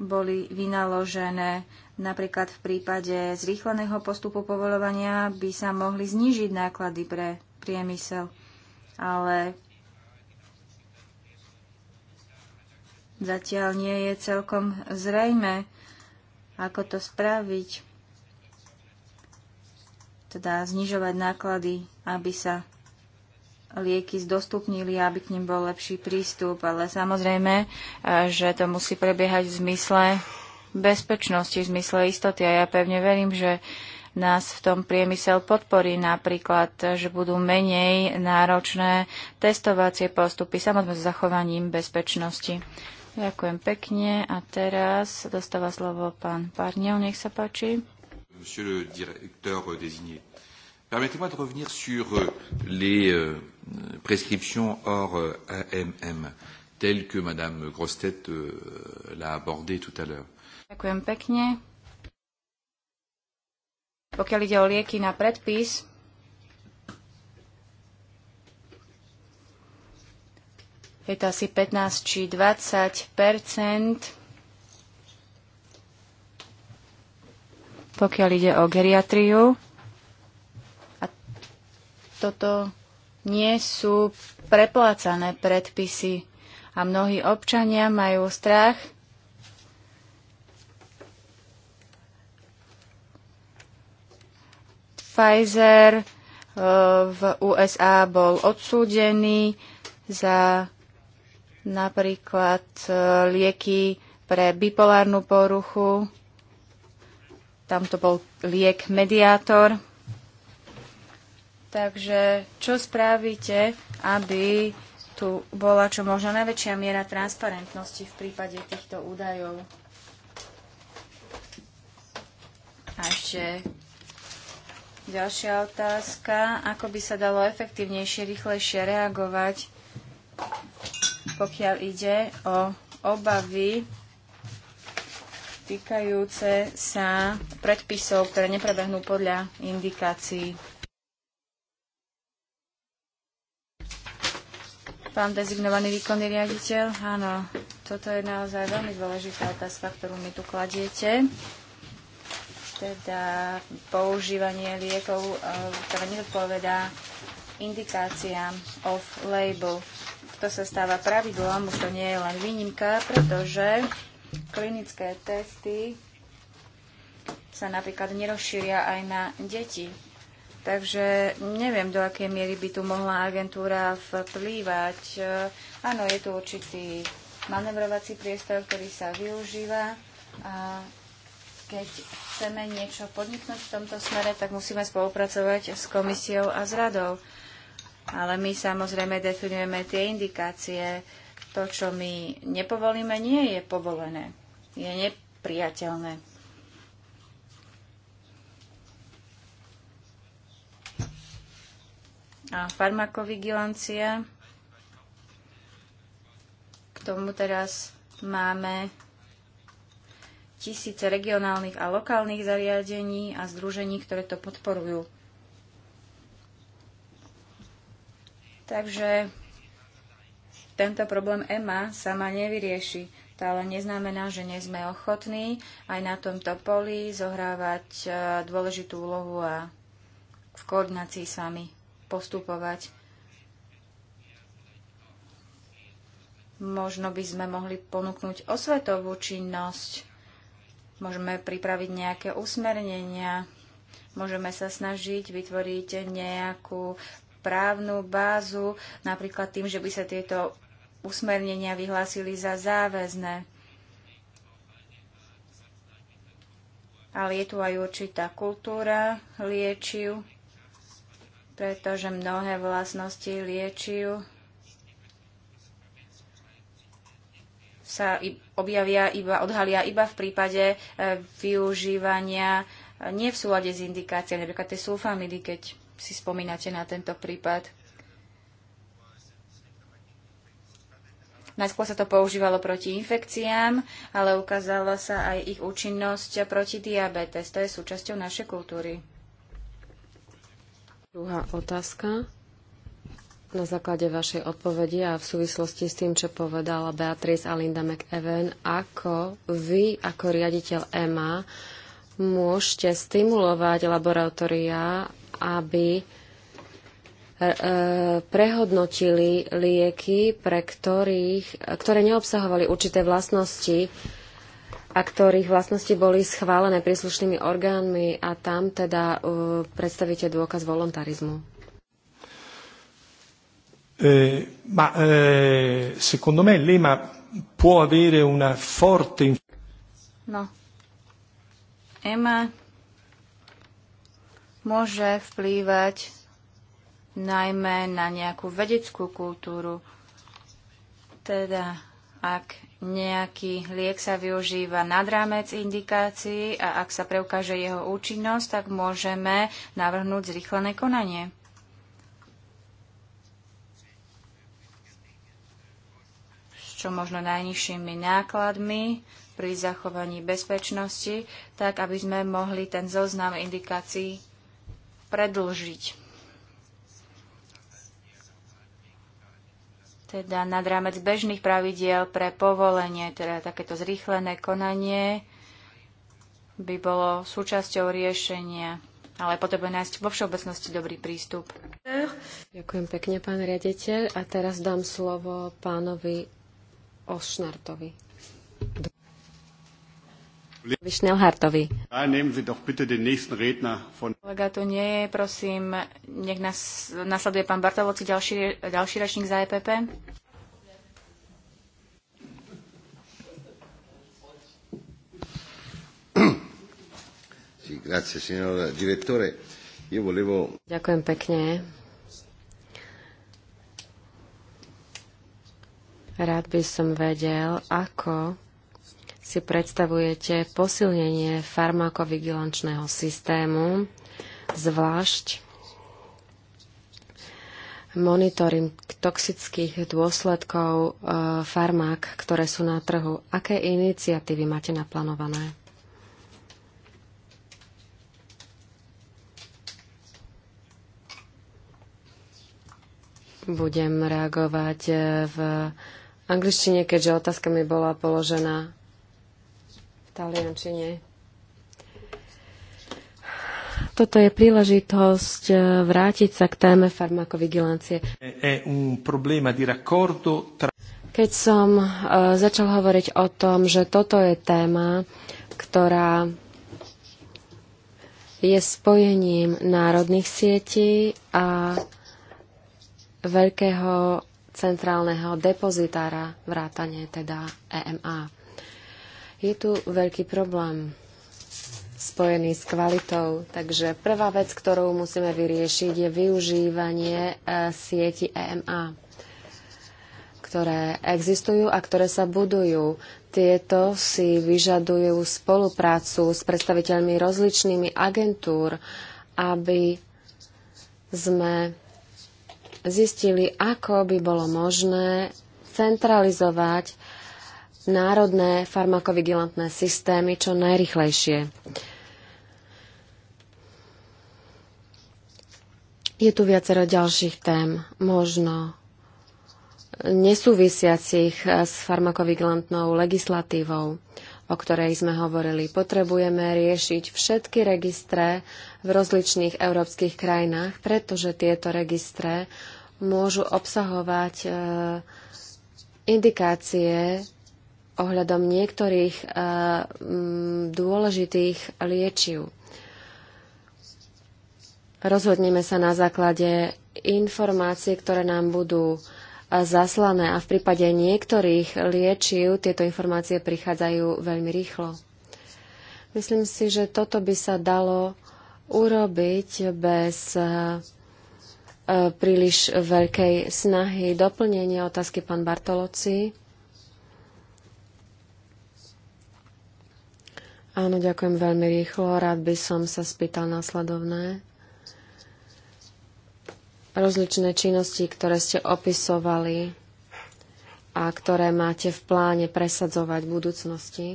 boli vynaložené Napríklad v prípade zrýchleného postupu povolovania by sa mohli znížiť náklady pre priemysel, ale zatiaľ nie je celkom zrejme, ako to spraviť, teda znižovať náklady, aby sa lieky zdostupnili, aby k ním bol lepší prístup, ale samozrejme, e, že to musí prebiehať v zmysle bezpečnosti, v zmysle istoty a ja pevne verím, že nás v tom priemysel podporí napríklad, že budú menej náročné testovacie postupy, samozrejme s zachovaním bezpečnosti. Ďakujem pekne a teraz dostáva slovo pán Parniel, nech sa páči. Monsieur le directeur désigné. Permettez-moi de revenir sur euh, les euh, prescriptions hors euh, AMM, telles que Madame Grostet l'a abordé tout à l'heure. Ďakujem pekne. Pokiaľ ide o lieky na predpis, je to asi 15 či 20 pokiaľ ide o geriatriu toto nie sú preplácané predpisy a mnohí občania majú strach, Pfizer eh, v USA bol odsúdený za napríklad eh, lieky pre bipolárnu poruchu. tamto bol liek mediátor. Takže čo spravíte, aby tu bola čo možno najväčšia miera transparentnosti v prípade týchto údajov? A ešte ďalšia otázka. Ako by sa dalo efektívnejšie, rýchlejšie reagovať, pokiaľ ide o obavy týkajúce sa predpisov, ktoré neprebehnú podľa indikácií? Pán dezignovaný výkonný riaditeľ, áno, toto je naozaj veľmi dôležitá otázka, ktorú mi tu kladiete. Teda používanie liekov, e, ktoré nezodpovedá indikáciám off-label. To sa stáva pravidlom, už to nie je len výnimka, pretože klinické testy sa napríklad nerozšíria aj na deti. Takže neviem, do akej miery by tu mohla agentúra vplývať. Áno, je tu určitý manevrovací priestor, ktorý sa využíva. A keď chceme niečo podniknúť v tomto smere, tak musíme spolupracovať s komisiou a s radou. Ale my samozrejme definujeme tie indikácie. To, čo my nepovolíme, nie je povolené. Je nepriateľné. a farmakovigilancia. K tomu teraz máme tisíce regionálnych a lokálnych zariadení a združení, ktoré to podporujú. Takže tento problém EMA sama nevyrieši. To ale neznamená, že nie sme ochotní aj na tomto poli zohrávať e, dôležitú úlohu a v koordinácii s vami postupovať. Možno by sme mohli ponúknuť osvetovú činnosť. Môžeme pripraviť nejaké usmernenia. Môžeme sa snažiť vytvoriť nejakú právnu bázu, napríklad tým, že by sa tieto usmernenia vyhlásili za záväzné. Ale je tu aj určitá kultúra liečiv, pretože mnohé vlastnosti liečiu sa objavia iba, odhalia iba v prípade e, využívania e, nie v súlade s indikáciami, napríklad tie sulfamidy, keď si spomínate na tento prípad. Najskôr sa to používalo proti infekciám, ale ukázala sa aj ich účinnosť proti diabetes. To je súčasťou našej kultúry. Druhá otázka. Na základe vašej odpovede a v súvislosti s tým, čo povedala Beatrice a Linda McEwen, ako vy, ako riaditeľ EMA, môžete stimulovať laboratória, aby e, e, prehodnotili lieky, pre ktorých, e, ktoré neobsahovali určité vlastnosti, a ktorých vlastnosti boli schválené príslušnými orgánmi a tam teda uh, predstavíte dôkaz volontarizmu. Eh, ma eh, secondo me l'EMA può avere una forte No. EMA môže vplývať najmä na nejakú vedeckú kultúru. Teda, ak nejaký liek sa využíva nad rámec indikácií a ak sa preukáže jeho účinnosť, tak môžeme navrhnúť zrýchlené konanie. S čo možno najnižšími nákladmi pri zachovaní bezpečnosti, tak aby sme mohli ten zoznam indikácií predlžiť. teda nad rámec bežných pravidiel pre povolenie, teda takéto zrýchlené konanie by bolo súčasťou riešenia, ale potrebuje nájsť vo všeobecnosti dobrý prístup. Ďakujem pekne, pán riaditeľ. A teraz dám slovo pánovi Ošnartovi. Vyšného Kolega tu nie je, prosím, nech nás nasleduje pán Bartoloci, ďalší, ďalší rečník za EPP. Ďakujem pekne. Rád by som vedel, ako si predstavujete posilnenie farmakovigilančného systému, zvlášť monitoring toxických dôsledkov e, farmák, ktoré sú na trhu. Aké iniciatívy máte naplánované? Budem reagovať e, v angličtine, keďže otázka mi bola položená taliančine. Toto je príležitosť eh, vrátiť sa k téme farmakovigilancie. Keď som eh, začal hovoriť o tom, že toto je téma, ktorá je spojením národných sietí a veľkého centrálneho depozitára, vrátane teda EMA. Je tu veľký problém spojený s kvalitou. Takže prvá vec, ktorú musíme vyriešiť, je využívanie e, sieti EMA, ktoré existujú a ktoré sa budujú. Tieto si vyžadujú spoluprácu s predstaviteľmi rozličnými agentúr, aby sme zistili, ako by bolo možné centralizovať národné farmakovigilantné systémy čo najrychlejšie. Je tu viacero ďalších tém, možno nesúvisiacich s farmakovigilantnou legislatívou, o ktorej sme hovorili. Potrebujeme riešiť všetky registre v rozličných európskych krajinách, pretože tieto registre môžu obsahovať eh, indikácie ohľadom niektorých eh, dôležitých liečiv. Rozhodneme sa na základe informácií, ktoré nám budú eh, zaslané a v prípade niektorých liečiv tieto informácie prichádzajú veľmi rýchlo. Myslím si, že toto by sa dalo urobiť bez eh, príliš veľkej snahy. Doplnenie otázky pán Bartoloci. Áno, ďakujem veľmi rýchlo. Rád by som sa spýtal následovné. Rozličné činnosti, ktoré ste opisovali a ktoré máte v pláne presadzovať v budúcnosti.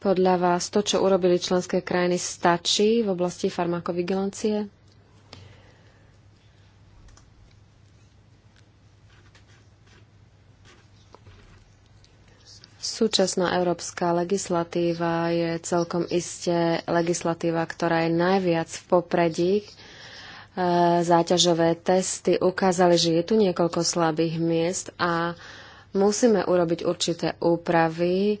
Podľa vás to, čo urobili členské krajiny, stačí v oblasti farmakovigilancie? Súčasná európska legislatíva je celkom isté legislatíva, ktorá je najviac v popredí. E, záťažové testy ukázali, že je tu niekoľko slabých miest a musíme urobiť určité úpravy e,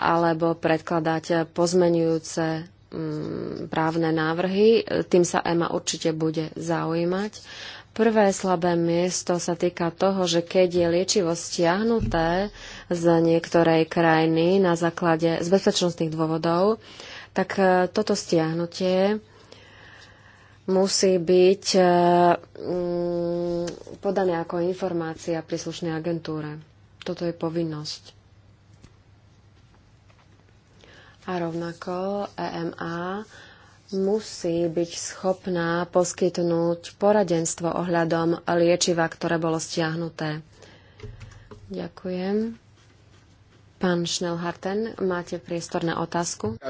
alebo predkladať pozmenujúce mm, právne návrhy. Tým sa EMA určite bude zaujímať. Prvé slabé miesto sa týka toho, že keď je liečivo stiahnuté, z niektorej krajiny na základe z bezpečnostných dôvodov, tak e, toto stiahnutie musí byť e, mm, podané ako informácia príslušnej agentúre. Toto je povinnosť. A rovnako EMA musí byť schopná poskytnúť poradenstvo ohľadom liečiva, ktoré bolo stiahnuté. Ďakujem. Pán Schnellharten, máte priestor na otázku.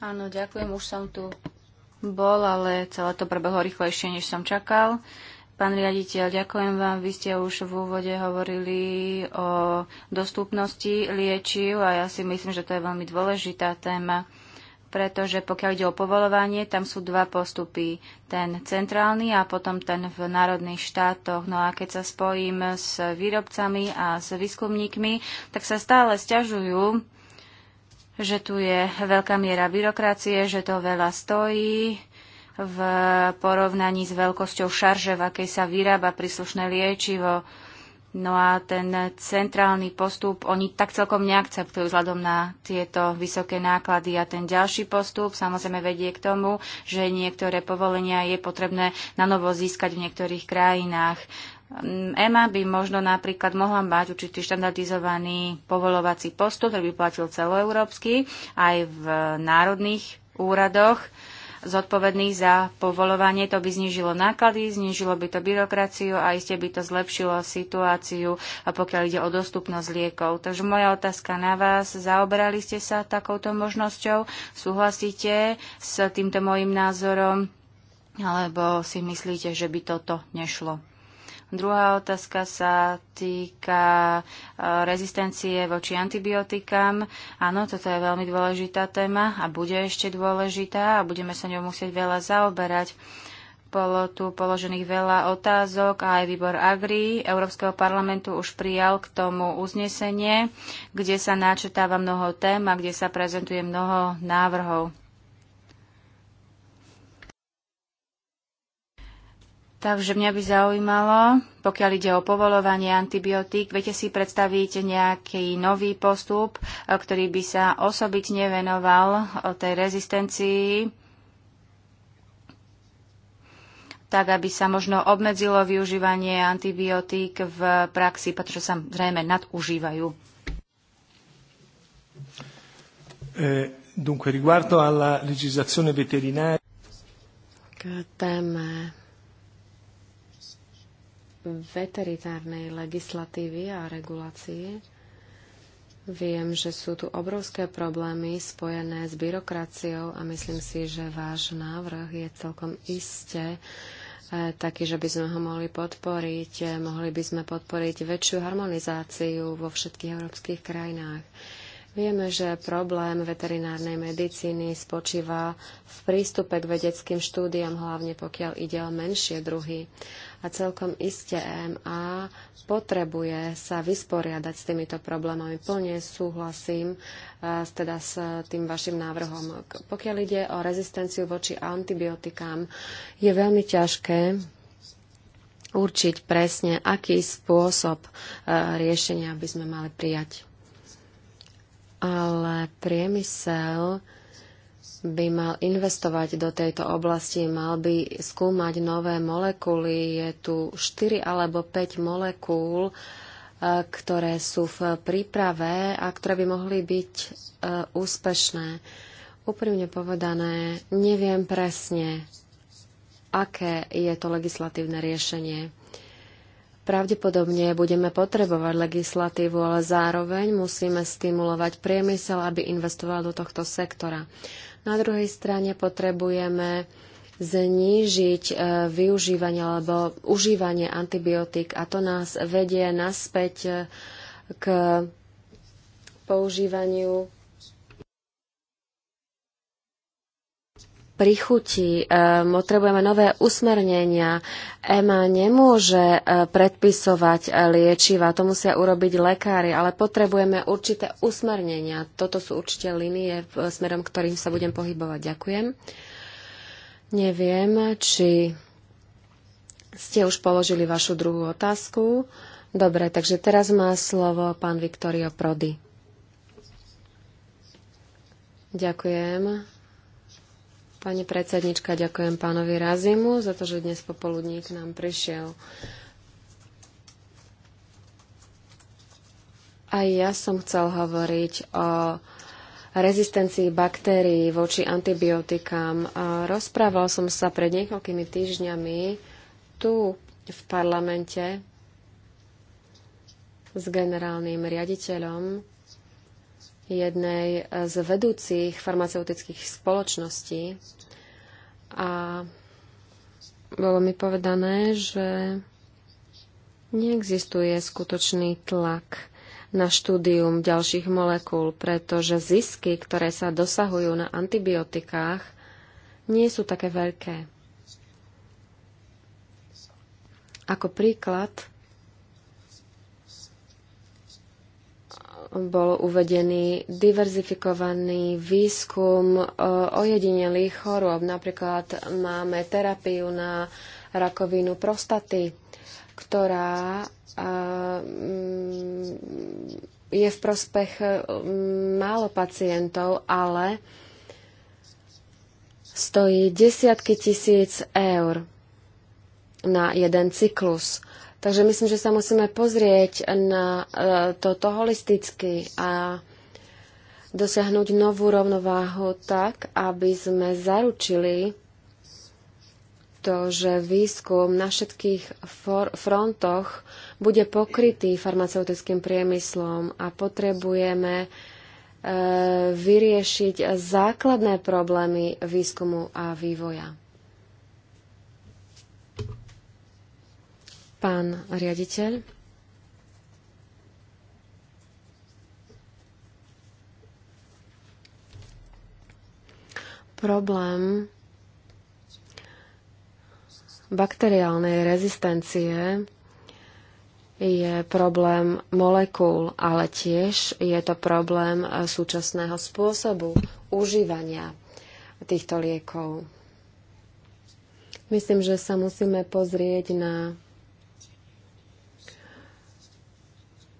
Áno, ďakujem, už som tu bol, ale celé to prebehlo rýchlejšie, než som čakal. Pán riaditeľ, ďakujem vám. Vy ste už v úvode hovorili o dostupnosti liečiv a ja si myslím, že to je veľmi dôležitá téma pretože pokiaľ ide o povolovanie, tam sú dva postupy. Ten centrálny a potom ten v národných štátoch. No a keď sa spojím s výrobcami a s výskumníkmi, tak sa stále stiažujú, že tu je veľká miera byrokracie, že to veľa stojí v porovnaní s veľkosťou šarže, v akej sa vyrába príslušné liečivo. No a ten centrálny postup oni tak celkom neakceptujú vzhľadom na tieto vysoké náklady. A ten ďalší postup samozrejme vedie k tomu, že niektoré povolenia je potrebné na novo získať v niektorých krajinách. Mm, EMA by možno napríklad mohla mať určitý štandardizovaný povolovací postup, ktorý by platil celoeurópsky aj v národných úradoch zodpovedných za povolovanie. To by znižilo náklady, znižilo by to byrokraciu a iste by to zlepšilo situáciu, pokiaľ ide o dostupnosť liekov. Takže moja otázka na vás. Zaoberali ste sa takouto možnosťou? Súhlasíte s týmto môjim názorom? Alebo si myslíte, že by toto nešlo? Druhá otázka sa týka e, rezistencie voči antibiotikám. Áno, toto je veľmi dôležitá téma a bude ešte dôležitá a budeme sa ňou musieť veľa zaoberať. Bolo tu položených veľa otázok a aj výbor Agri Európskeho parlamentu už prijal k tomu uznesenie, kde sa načetáva mnoho tém a kde sa prezentuje mnoho návrhov. Takže mňa by zaujímalo, pokiaľ ide o povolovanie antibiotík, viete si predstaviť nejaký nový postup, e, ktorý by sa osobitne venoval e, tej rezistencii, tak aby sa možno obmedzilo využívanie antibiotík v praxi, pretože sa zrejme nadužívajú. E, dunque, riguardo alla legislazione veterinaria... K veterinárnej legislatívy a regulácii. Viem, že sú tu obrovské problémy spojené s byrokraciou a myslím si, že váš návrh je celkom iste eh, taký, že by sme ho mohli podporiť. Eh, mohli by sme podporiť väčšiu harmonizáciu vo všetkých európskych krajinách. Vieme, že problém veterinárnej medicíny spočíva v prístupe k vedeckým štúdiám, hlavne pokiaľ ide o menšie druhy. A celkom iste EMA potrebuje sa vysporiadať s týmito problémami. Plne súhlasím e, teda s tým vašim návrhom. Pokiaľ ide o rezistenciu voči antibiotikám, je veľmi ťažké určiť presne, aký spôsob e, riešenia by sme mali prijať ale priemysel by mal investovať do tejto oblasti, mal by skúmať nové molekuly. Je tu 4 alebo 5 molekúl, e, ktoré sú v príprave a ktoré by mohli byť e, úspešné. Úprimne povedané, neviem presne, aké je to legislatívne riešenie. Pravdepodobne budeme potrebovať legislatívu, ale zároveň musíme stimulovať priemysel, aby investoval do tohto sektora. Na druhej strane potrebujeme znížiť e, využívanie alebo užívanie antibiotík a to nás vedie naspäť e, k používaniu prichutí. Ehm, potrebujeme nové usmernenia. EMA nemôže e, predpisovať e, liečiva, to musia urobiť lekári, ale potrebujeme určité usmernenia. Toto sú určite linie smerom, ktorým sa budem pohybovať. Ďakujem. Neviem, či ste už položili vašu druhú otázku. Dobre, takže teraz má slovo pán Viktorio Prody. Ďakujem. Pani predsednička, ďakujem pánovi Razimu za to, že dnes popoludní k nám prišiel. Aj ja som chcel hovoriť o rezistencii baktérií voči antibiotikám. Rozprával som sa pred niekoľkými týždňami tu v parlamente s generálnym riaditeľom jednej z vedúcich farmaceutických spoločností a bolo mi povedané, že neexistuje skutočný tlak na štúdium ďalších molekúl, pretože zisky, ktoré sa dosahujú na antibiotikách, nie sú také veľké. Ako príklad, bol uvedený diverzifikovaný výskum e, ojedinelých chorôb. Napríklad máme terapiu na rakovinu prostaty, ktorá e, mm, je v prospech e, málo pacientov, ale stojí desiatky tisíc eur na jeden cyklus. Takže myslím, že sa musíme pozrieť na e, toto holisticky a dosiahnuť novú rovnováhu tak, aby sme zaručili to, že výskum na všetkých frontoch bude pokrytý farmaceutickým priemyslom a potrebujeme e, vyriešiť základné problémy výskumu a vývoja. Pán riaditeľ. Problém bakteriálnej rezistencie je problém molekúl, ale tiež je to problém súčasného spôsobu užívania týchto liekov. Myslím, že sa musíme pozrieť na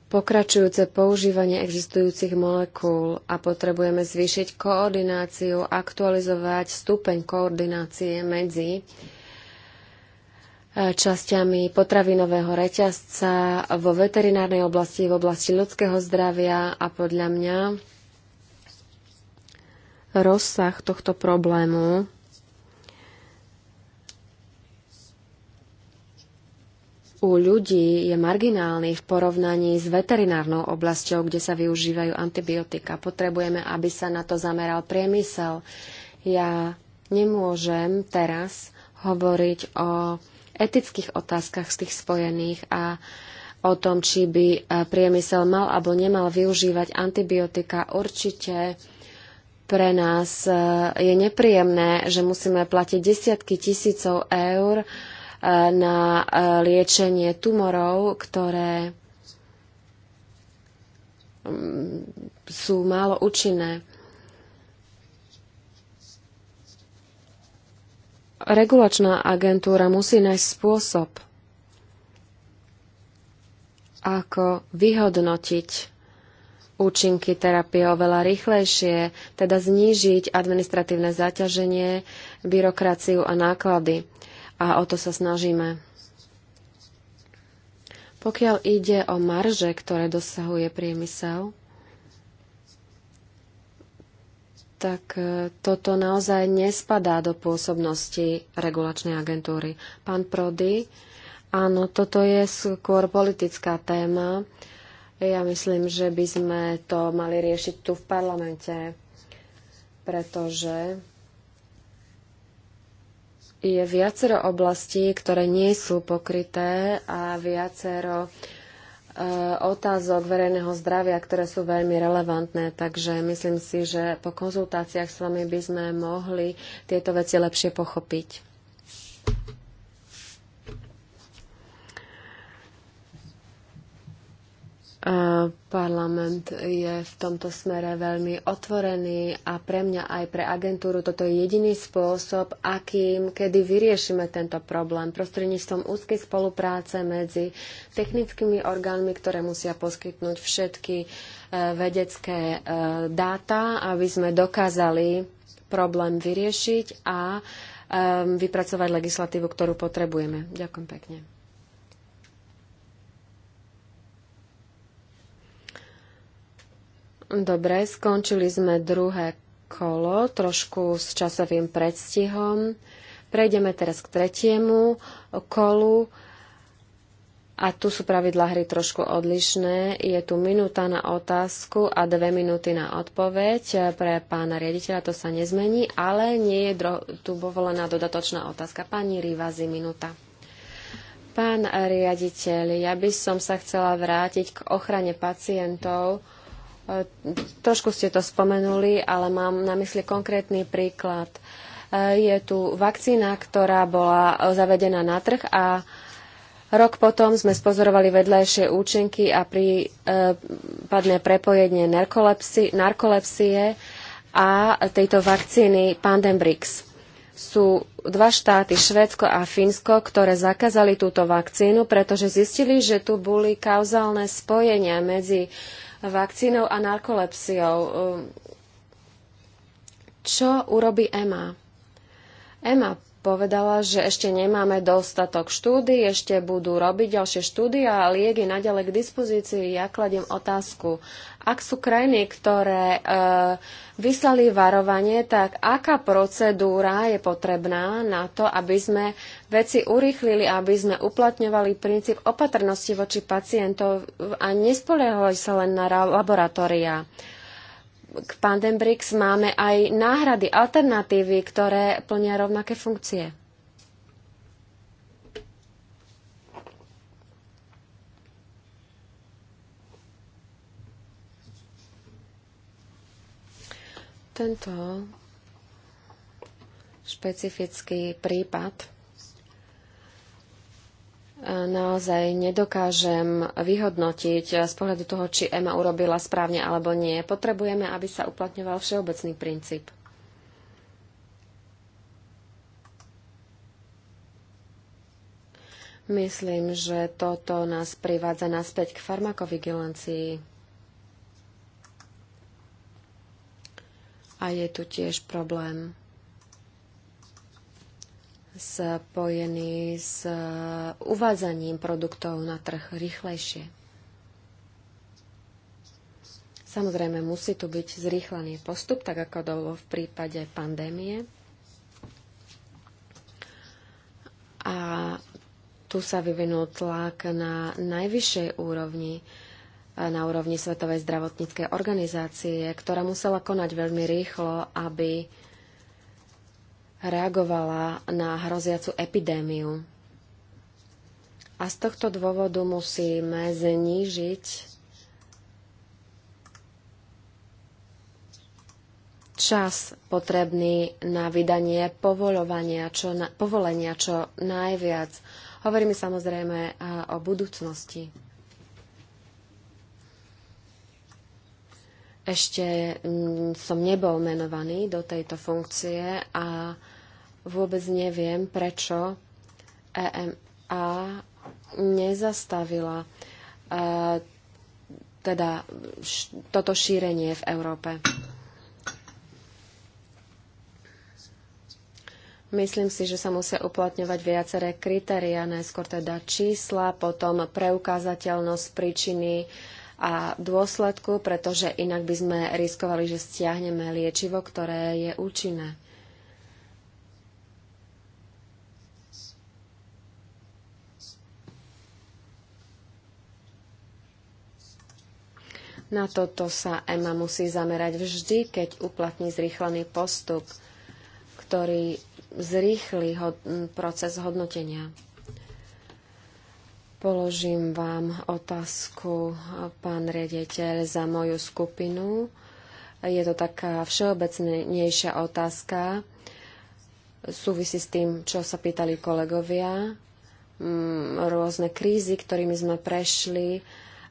pokračujúce používanie existujúcich molekúl a potrebujeme zvýšiť koordináciu, aktualizovať stupeň koordinácie medzi e, časťami potravinového reťazca vo veterinárnej oblasti, v oblasti ľudského zdravia a podľa mňa rozsah tohto problému u ľudí je marginálny v porovnaní s veterinárnou oblasťou, kde sa využívajú antibiotika. Potrebujeme, aby sa na to zameral priemysel. Ja nemôžem teraz hovoriť o etických otázkach z tých spojených a o tom, či by e, priemysel mal alebo nemal využívať antibiotika. Určite pre nás e, je nepríjemné, že musíme platiť desiatky tisícov eur na e, liečenie tumorov, ktoré mm, sú málo účinné. Regulačná agentúra musí nájsť spôsob, ako vyhodnotiť účinky terapie oveľa rýchlejšie, teda znížiť administratívne zaťaženie, byrokraciu a náklady a o to sa snažíme. Pokiaľ ide o marže, ktoré dosahuje priemysel, tak e, toto naozaj nespadá do pôsobnosti regulačnej agentúry. Pán Prody, áno, toto je skôr politická téma. Ja myslím, že by sme to mali riešiť tu v parlamente, pretože je viacero oblastí, ktoré nie sú pokryté a viacero e, otázok verejného zdravia, ktoré sú veľmi relevantné. Takže myslím si, že po konzultáciách s vami by sme mohli tieto veci lepšie pochopiť. E, parlament je v tomto smere veľmi otvorený a pre mňa aj pre agentúru toto je jediný spôsob, akým kedy vyriešime tento problém prostredníctvom úzkej spolupráce medzi technickými orgánmi, ktoré musia poskytnúť všetky e, vedecké e, dáta, aby sme dokázali problém vyriešiť a vypracovať legislatívu, ktorú potrebujeme. Ďakujem pekne. Dobre, skončili sme druhé kolo, trošku s časovým predstihom. Prejdeme teraz k tretiemu kolu. A tu sú pravidla hry trošku odlišné. Je tu minúta na otázku a dve minúty na odpoveď. Pre pána riaditeľa to sa nezmení, ale nie je tu povolená dodatočná otázka. Pani Rivazi, minúta. Pán riaditeľ, ja by som sa chcela vrátiť k ochrane pacientov E, trošku ste to spomenuli, ale mám na mysli konkrétny príklad. E, je tu vakcína, ktorá bola zavedená na trh a Rok potom sme spozorovali vedľajšie účinky a prípadné e, prepojenie narkolepsie, narkolepsie a tejto vakcíny Pandembrix. Sú dva štáty, Švédsko a Fínsko, ktoré zakázali túto vakcínu, pretože zistili, že tu boli kauzálne spojenia medzi vakcínou a narkolepsiou. Ehm, čo urobí EMA? EMA povedala, že ešte nemáme dostatok štúdí, ešte budú robiť ďalšie štúdie a liek je naďalej k dispozícii. Ja kladiem otázku, ak sú krajiny, ktoré e, vyslali varovanie, tak aká procedúra je potrebná na to, aby sme veci urýchlili, aby sme uplatňovali princíp opatrnosti voči pacientov a nespoliehali sa len na laboratóriá? k Pandembrix máme aj náhrady, alternatívy, ktoré plnia rovnaké funkcie. Tento špecifický prípad naozaj nedokážem vyhodnotiť z pohľadu toho, či EMA urobila správne alebo nie. Potrebujeme, aby sa uplatňoval všeobecný princíp. Myslím, že toto nás privádza naspäť k farmakovigilancii. A je tu tiež problém spojený s eh, uvádzaním produktov na trh rýchlejšie. Samozrejme, musí tu byť zrýchlený postup, tak ako to bolo v prípade pandémie. A tu sa vyvinul tlak na najvyššej úrovni, eh, na úrovni Svetovej zdravotníckej organizácie, ktorá musela konať veľmi rýchlo, aby reagovala na hroziacu epidémiu. A z tohto dôvodu musíme znížiť čas potrebný na vydanie povolovania, čo na, povolenia čo najviac. Hovoríme samozrejme o budúcnosti. Ešte mm, som nebol menovaný do tejto funkcie a vôbec neviem, prečo EMA nezastavila e, teda toto šírenie v Európe. Myslím si, že sa musia uplatňovať viaceré kritéria, najskôr teda čísla, potom preukázateľnosť príčiny a dôsledku, pretože inak by sme riskovali, že stiahneme liečivo, ktoré je účinné. Na toto sa EMA musí zamerať vždy, keď uplatní zrýchlený postup, ktorý zrýchli proces hodnotenia. Položím vám otázku, pán riaditeľ, za moju skupinu. Je to taká všeobecnejšia otázka. Súvisí s tým, čo sa pýtali kolegovia. Mm, rôzne krízy, ktorými sme prešli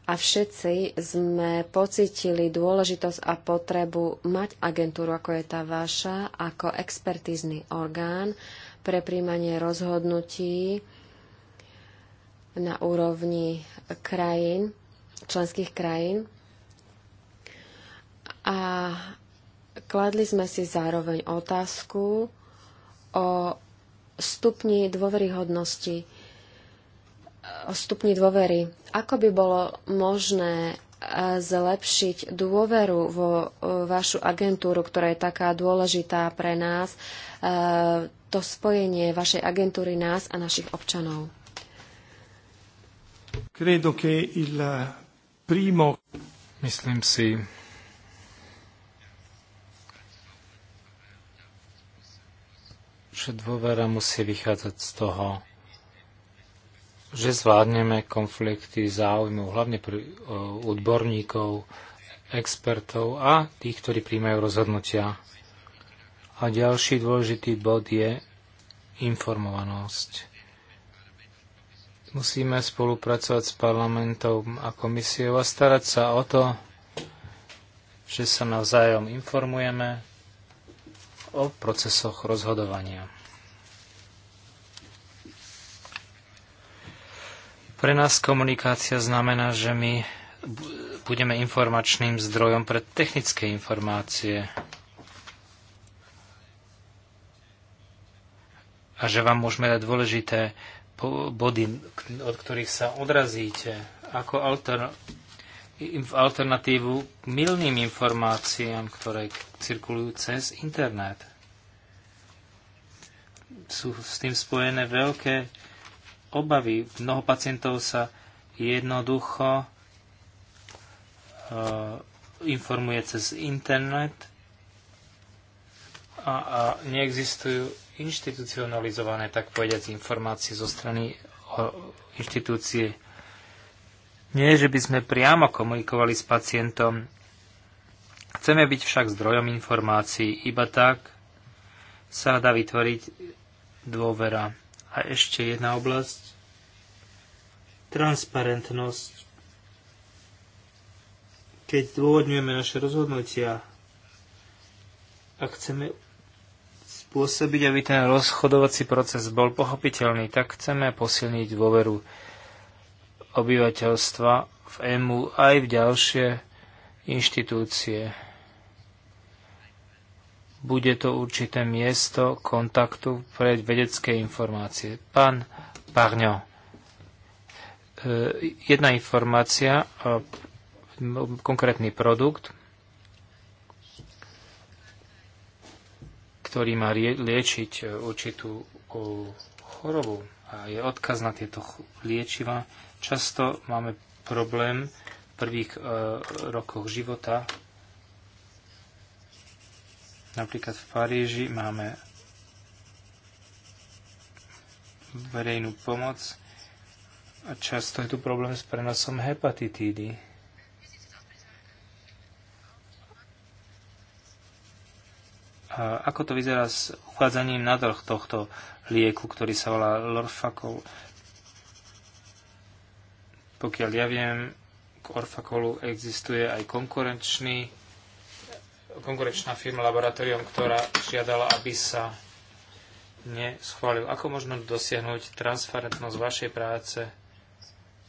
a všetci sme pocitili dôležitosť a potrebu mať agentúru, ako je tá vaša, ako expertízny orgán pre príjmanie rozhodnutí, na úrovni krajín, členských krajín. A kladli sme si zároveň otázku o stupni dôveryhodnosti, o stupni dôvery. Ako by bolo možné e, zlepšiť dôveru vo e, vašu agentúru, ktorá je taká dôležitá pre nás, e, to spojenie vašej agentúry nás a našich občanov. Credo che il primo... Myslím si, že dôvera musí vychádzať z toho, že zvládneme konflikty záujmov, hlavne pri, o, odborníkov, expertov a tých, ktorí príjmajú rozhodnutia. A ďalší dôležitý bod je informovanosť. Musíme spolupracovať s parlamentom a komisiou a starať sa o to, že sa navzájom informujeme o procesoch rozhodovania. Pre nás komunikácia znamená, že my budeme informačným zdrojom pre technické informácie a že vám môžeme dať dôležité body, od ktorých sa odrazíte ako alter, v alternatívu k milným informáciám, ktoré cirkulujú cez internet. Sú s tým spojené veľké obavy. Mnoho pacientov sa jednoducho e, informuje cez internet a, a neexistujú inštitucionalizované, tak povediať, informácie zo strany inštitúcie. Nie, že by sme priamo komunikovali s pacientom. Chceme byť však zdrojom informácií. Iba tak sa dá vytvoriť dôvera. A ešte jedna oblasť. Transparentnosť. Keď dôvodňujeme naše rozhodnutia, a chceme spôsobiť, aby ten rozchodovací proces bol pochopiteľný. Tak chceme posilniť dôveru obyvateľstva v EMU aj v ďalšie inštitúcie. Bude to určité miesto kontaktu pre vedecké informácie. Pán Parňo, e, jedna informácia, konkrétny produkt, ktorý má liečiť e, určitú chorobu a je odkaz na tieto liečiva. Často máme problém v prvých e, rokoch života. Napríklad v Paríži máme verejnú pomoc a často je tu problém s prenosom hepatitídy. Ako to vyzerá s uchádzaním na trh tohto lieku, ktorý sa volá Lorfakol? Pokiaľ ja viem, k Orfakolu existuje aj konkurenčný konkurenčná firma laboratórium, ktorá žiadala, aby sa neschválil. Ako možno dosiahnuť transparentnosť vašej práce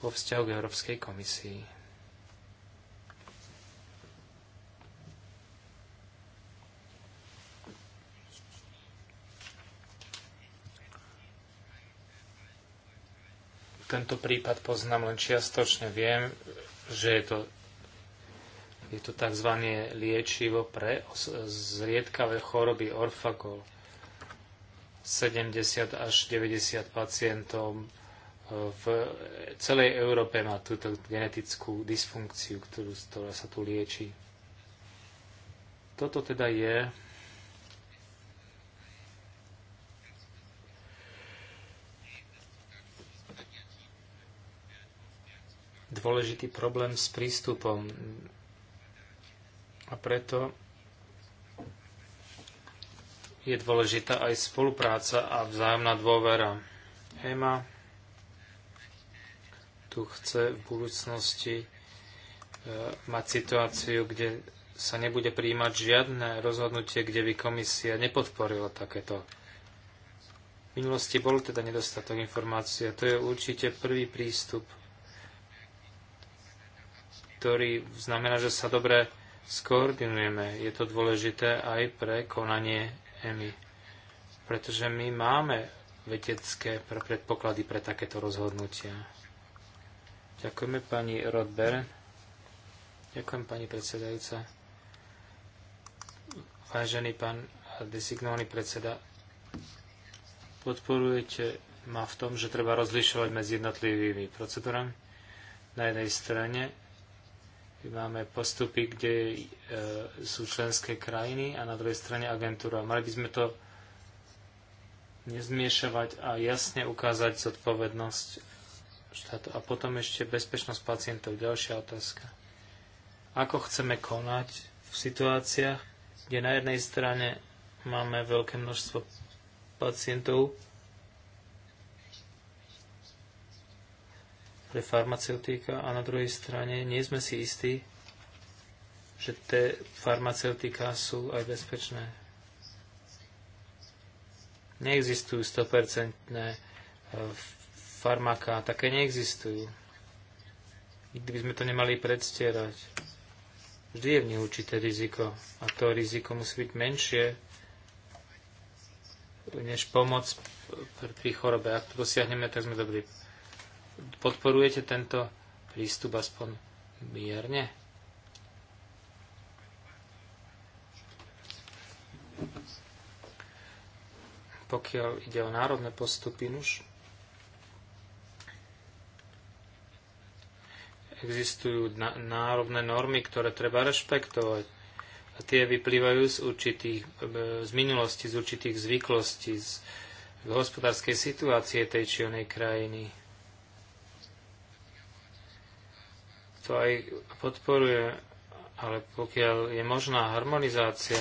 vo vzťahu k Európskej komisii? Tento prípad poznám len čiastočne. Viem, že je to, je to tzv. liečivo pre zriedkavé choroby orfakol. 70 až 90 pacientov eh, v celej Európe má túto genetickú dysfunkciu, ktorú, ktorá sa tu lieči. Toto teda je dôležitý problém s prístupom. A preto je dôležitá aj spolupráca a vzájomná dôvera. EMA tu chce v budúcnosti e, mať situáciu, kde sa nebude príjmať žiadne rozhodnutie, kde by komisia nepodporila takéto. V minulosti bol teda nedostatok informácií a to je určite prvý prístup ktorý znamená, že sa dobre skoordinujeme. Je to dôležité aj pre konanie EMI, pretože my máme vedecké predpoklady pre takéto rozhodnutia. Ďakujeme pani Rodber. Ďakujem pani predsedajúca. Vážený pán designovaný predseda, podporujete ma v tom, že treba rozlišovať medzi jednotlivými procedúrami. Na jednej strane máme postupy, kde e, sú členské krajiny a na druhej strane agentúra. Mali by sme to nezmiešavať a jasne ukázať zodpovednosť štátu. A potom ešte bezpečnosť pacientov. Ďalšia otázka. Ako chceme konať v situáciách, kde na jednej strane máme veľké množstvo pacientov, pre farmaceutika a na druhej strane nie sme si istí, že tie farmaceutika sú aj bezpečné. Neexistujú 100% e, farmaká, také neexistujú. Nikdy by sme to nemali predstierať. Vždy je v nich určité riziko a to riziko musí byť menšie než pomoc pri chorobe. Ak to dosiahneme, tak sme dobrí. Podporujete tento prístup aspoň mierne? Pokiaľ ide o národné postupy, už. existujú národné normy, ktoré treba rešpektovať a tie vyplývajú z určitých, e, z minulosti, z určitých zvyklostí, z hospodárskej situácie tej či onej krajiny. to aj podporuje, ale pokiaľ je možná harmonizácia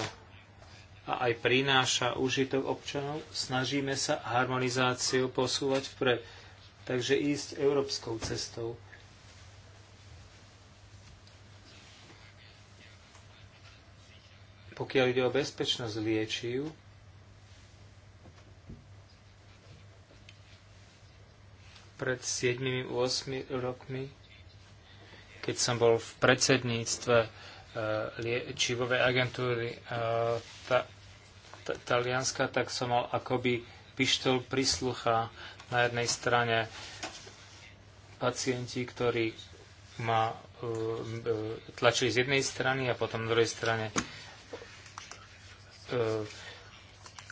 a aj prináša užitok občanov, snažíme sa harmonizáciu posúvať vpred. Takže ísť európskou cestou. Pokiaľ ide o bezpečnosť liečiv, pred 7-8 rokmi keď som bol v predsedníctve eh, liečivovej agentúry eh, Talianska, tak som mal akoby pištol prislucha na jednej strane pacienti, ktorí ma eh, tlačili z jednej strany a potom na druhej strane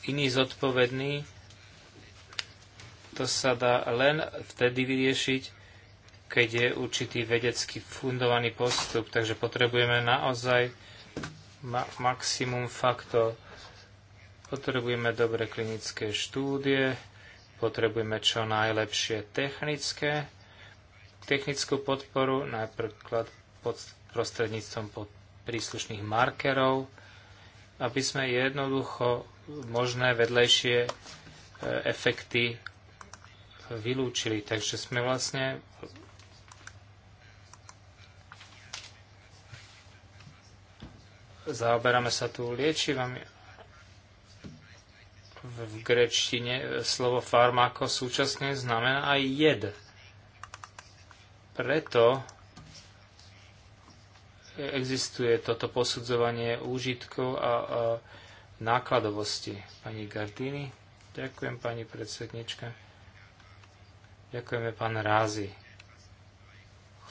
iní zodpovední. To sa dá len vtedy vyriešiť, keď je určitý vedecky fundovaný postup. Takže potrebujeme naozaj ma- maximum faktov. Potrebujeme dobre klinické štúdie, potrebujeme čo najlepšie technické, technickú podporu, napríklad pod prostredníctvom pod príslušných markerov, aby sme jednoducho možné vedlejšie e, efekty vylúčili. Takže sme vlastne Zaoberáme sa tu liečivami. V grečtine e, slovo farmáko súčasne znamená aj jed. Preto existuje toto posudzovanie úžitkov a, a nákladovosti. Pani Gardini, ďakujem pani predsednička. Ďakujeme pán Rázi.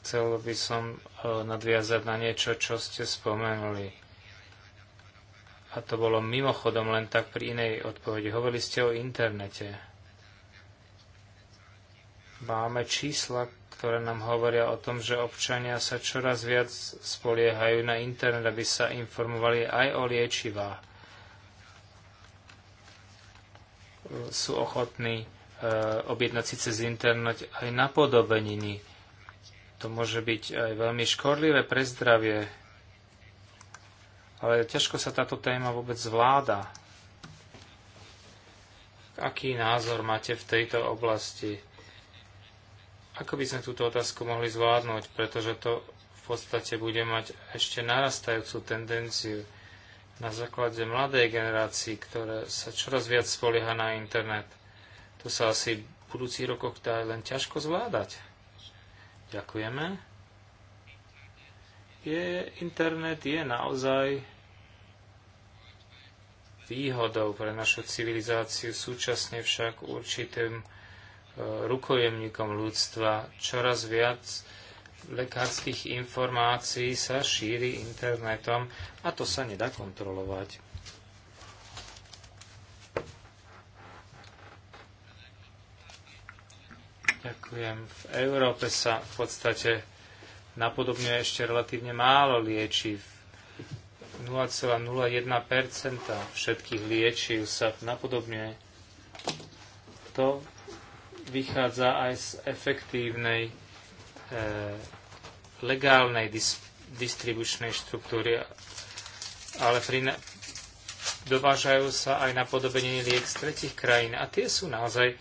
Chcel by som e, nadviazať na niečo, čo ste spomenuli. A to bolo mimochodom len tak pri inej odpovedi. Hovorili ste o internete. Máme čísla, ktoré nám hovoria o tom, že občania sa čoraz viac spoliehajú na internet, aby sa informovali aj o liečivách. Sú ochotní e, objednať si cez internet aj napodobeniny. To môže byť aj veľmi škodlivé pre zdravie. Ale ťažko sa táto téma vôbec zvláda. Aký názor máte v tejto oblasti? Ako by sme túto otázku mohli zvládnuť? Pretože to v podstate bude mať ešte narastajúcu tendenciu na základe mladej generácii, ktoré sa čoraz viac spolieha na internet. To sa asi v budúcich rokoch dá len ťažko zvládať. Ďakujeme. Je, internet je naozaj výhodou pre našu civilizáciu, súčasne však určitým e, rukojemníkom ľudstva. Čoraz viac lekárskych informácií sa šíri internetom a to sa nedá kontrolovať. Ďakujem. V Európe sa v podstate napodobňuje ešte relatívne málo liečiv 0,01 všetkých liečiv sa napodobne To vychádza aj z efektívnej e, legálnej dis- distribučnej štruktúry, ale pri dovážajú sa aj napodobenie liek z tretich krajín a tie sú naozaj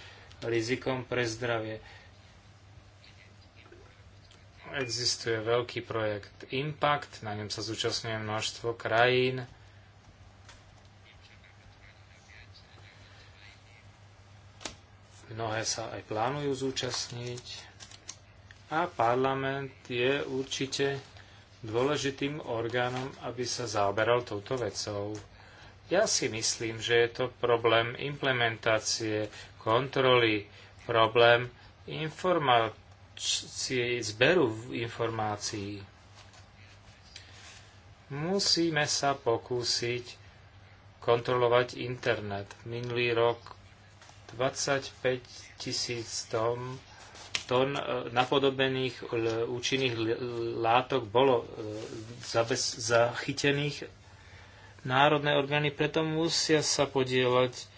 rizikom pre zdravie existuje veľký projekt Impact, na ňom sa zúčastňuje množstvo krajín. Mnohé sa aj plánujú zúčastniť. A parlament je určite dôležitým orgánom, aby sa zaoberal touto vecou. Ja si myslím, že je to problém implementácie, kontroly, problém informácie zberu informácií. Musíme sa pokúsiť kontrolovať internet. Minulý rok 25 tisíc tón, tón e, napodobených účinných látok bolo e, zachytených. Národné orgány preto musia sa podielať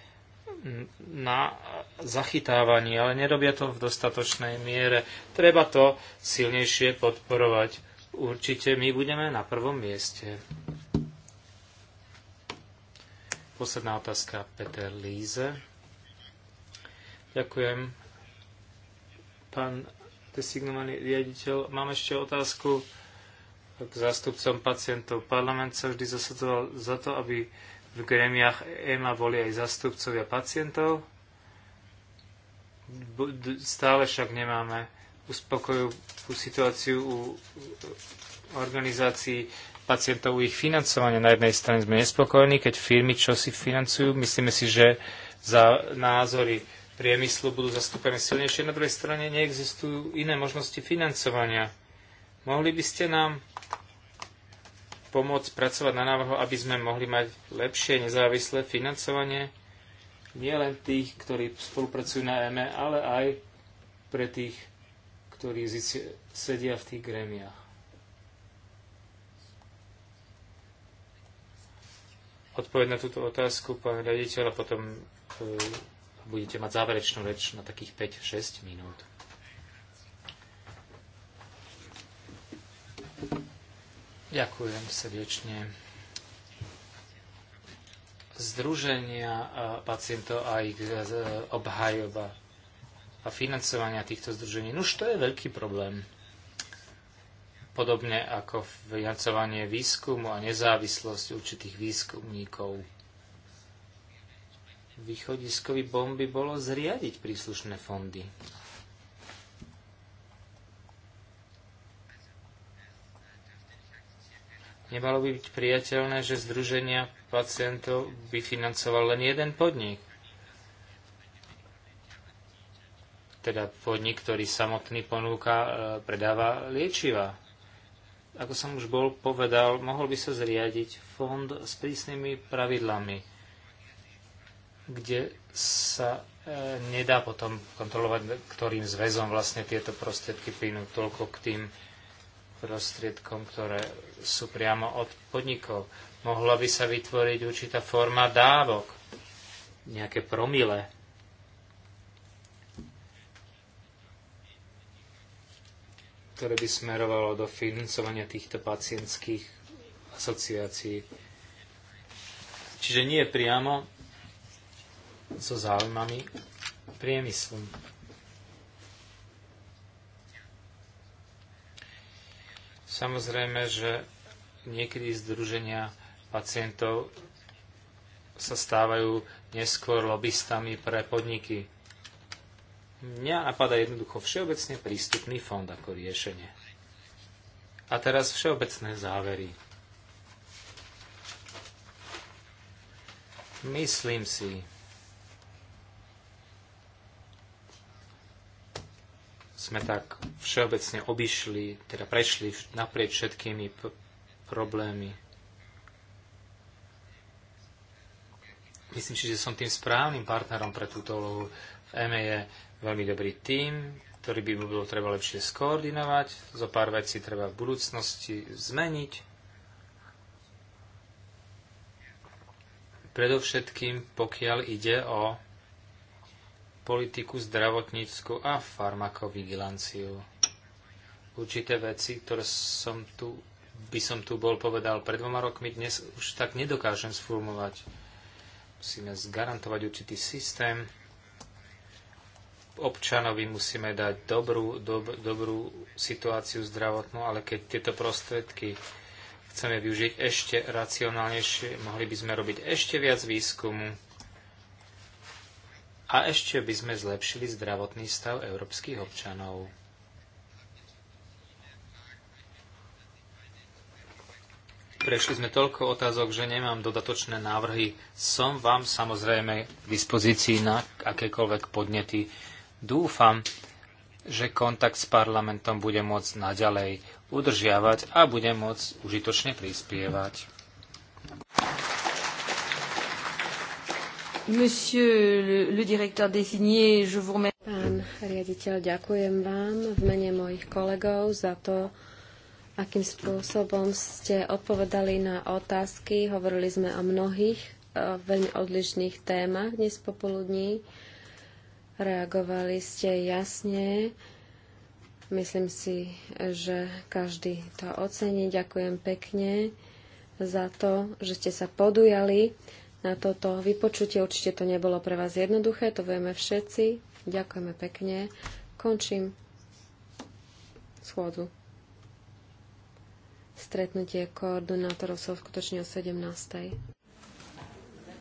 na zachytávanie, ale nerobia to v dostatočnej miere. Treba to silnejšie podporovať. Určite my budeme na prvom mieste. Posledná otázka Peter Líze. Ďakujem. Pán designovaný riaditeľ, mám ešte otázku k zástupcom pacientov. Parlament sa vždy zasadzoval za to, aby v gremiách EMA boli aj zastupcovia pacientov. Stále však nemáme uspokojujú situáciu u organizácií pacientov, u ich financovania. Na jednej strane sme nespokojní, keď firmy čo si financujú. Myslíme si, že za názory priemyslu budú zastúpené silnejšie. Na druhej strane neexistujú iné možnosti financovania. Mohli by ste nám pomôcť pracovať na návrhu, aby sme mohli mať lepšie nezávislé financovanie nielen tých, ktorí spolupracujú na EME, e, ale aj pre tých, ktorí sedia v tých grémiách. Odpoveď na túto otázku, pán riaditeľ, a potom e, budete mať záverečnú reč na takých 5-6 minút. Ďakujem srdečne. Združenia eh, pacientov a ich eh, obhajoba a financovania týchto združení. Nuž to je veľký problém. Podobne ako financovanie výskumu a nezávislosť určitých výskumníkov. Východiskový bomby bolo zriadiť príslušné fondy. Nebalo by byť priateľné, že združenia pacientov by financoval len jeden podnik. Teda podnik, ktorý samotný ponúka, e, predáva liečiva. Ako som už bol povedal, mohol by sa zriadiť fond s prísnymi pravidlami, kde sa e, nedá potom kontrolovať, ktorým zväzom vlastne tieto prostriedky plynú. Toľko k tým prostriedkom, ktoré sú priamo od podnikov. Mohla by sa vytvoriť určitá forma dávok, nejaké promile. ktoré by smerovalo do financovania týchto pacientských asociácií. Čiže nie priamo so záujmami priemyslu. Samozrejme, že niekedy združenia pacientov sa stávajú neskôr lobbystami pre podniky. Mňa napadá jednoducho všeobecne prístupný fond ako riešenie. A teraz všeobecné závery. Myslím si, sme tak všeobecne obišli, teda prešli naprieč všetkými problémy. Myslím si, že som tým správnym partnerom pre túto úlohu. V EME e je veľmi dobrý tím, ktorý by mu bolo treba lepšie skoordinovať, zo pár vecí treba v budúcnosti zmeniť. Predovšetkým, pokiaľ ide o politiku zdravotnícku a farmakovigilanciu. Určité veci, ktoré som tu, by som tu bol povedal pred dvoma rokmi, dnes už tak nedokážem sformulovať. Musíme zgarantovať určitý systém. Občanovi musíme dať dobrú, dob, dobrú situáciu zdravotnú, ale keď tieto prostredky chceme využiť ešte racionálnejšie, mohli by sme robiť ešte viac výskumu, a ešte by sme zlepšili zdravotný stav európskych občanov. Prešli sme toľko otázok, že nemám dodatočné návrhy. Som vám samozrejme k dispozícii na akékoľvek podnety. Dúfam, že kontakt s parlamentom bude môcť naďalej udržiavať a bude môcť užitočne prispievať. Monsieur le, le directeur désigné, je vous remercie. Pán riaditeľ, ďakujem vám v mene mojich kolegov za to, akým spôsobom ste odpovedali na otázky. Hovorili sme o mnohých veľmi odlišných témach dnes popoludní. Reagovali ste jasne. Myslím si, že každý to ocení. Ďakujem pekne za to, že ste sa podujali na toto vypočutie. Určite to nebolo pre vás jednoduché, to vieme všetci. Ďakujeme pekne. Končím schôdzu. Stretnutie koordinátorov sa uskutoční o 17.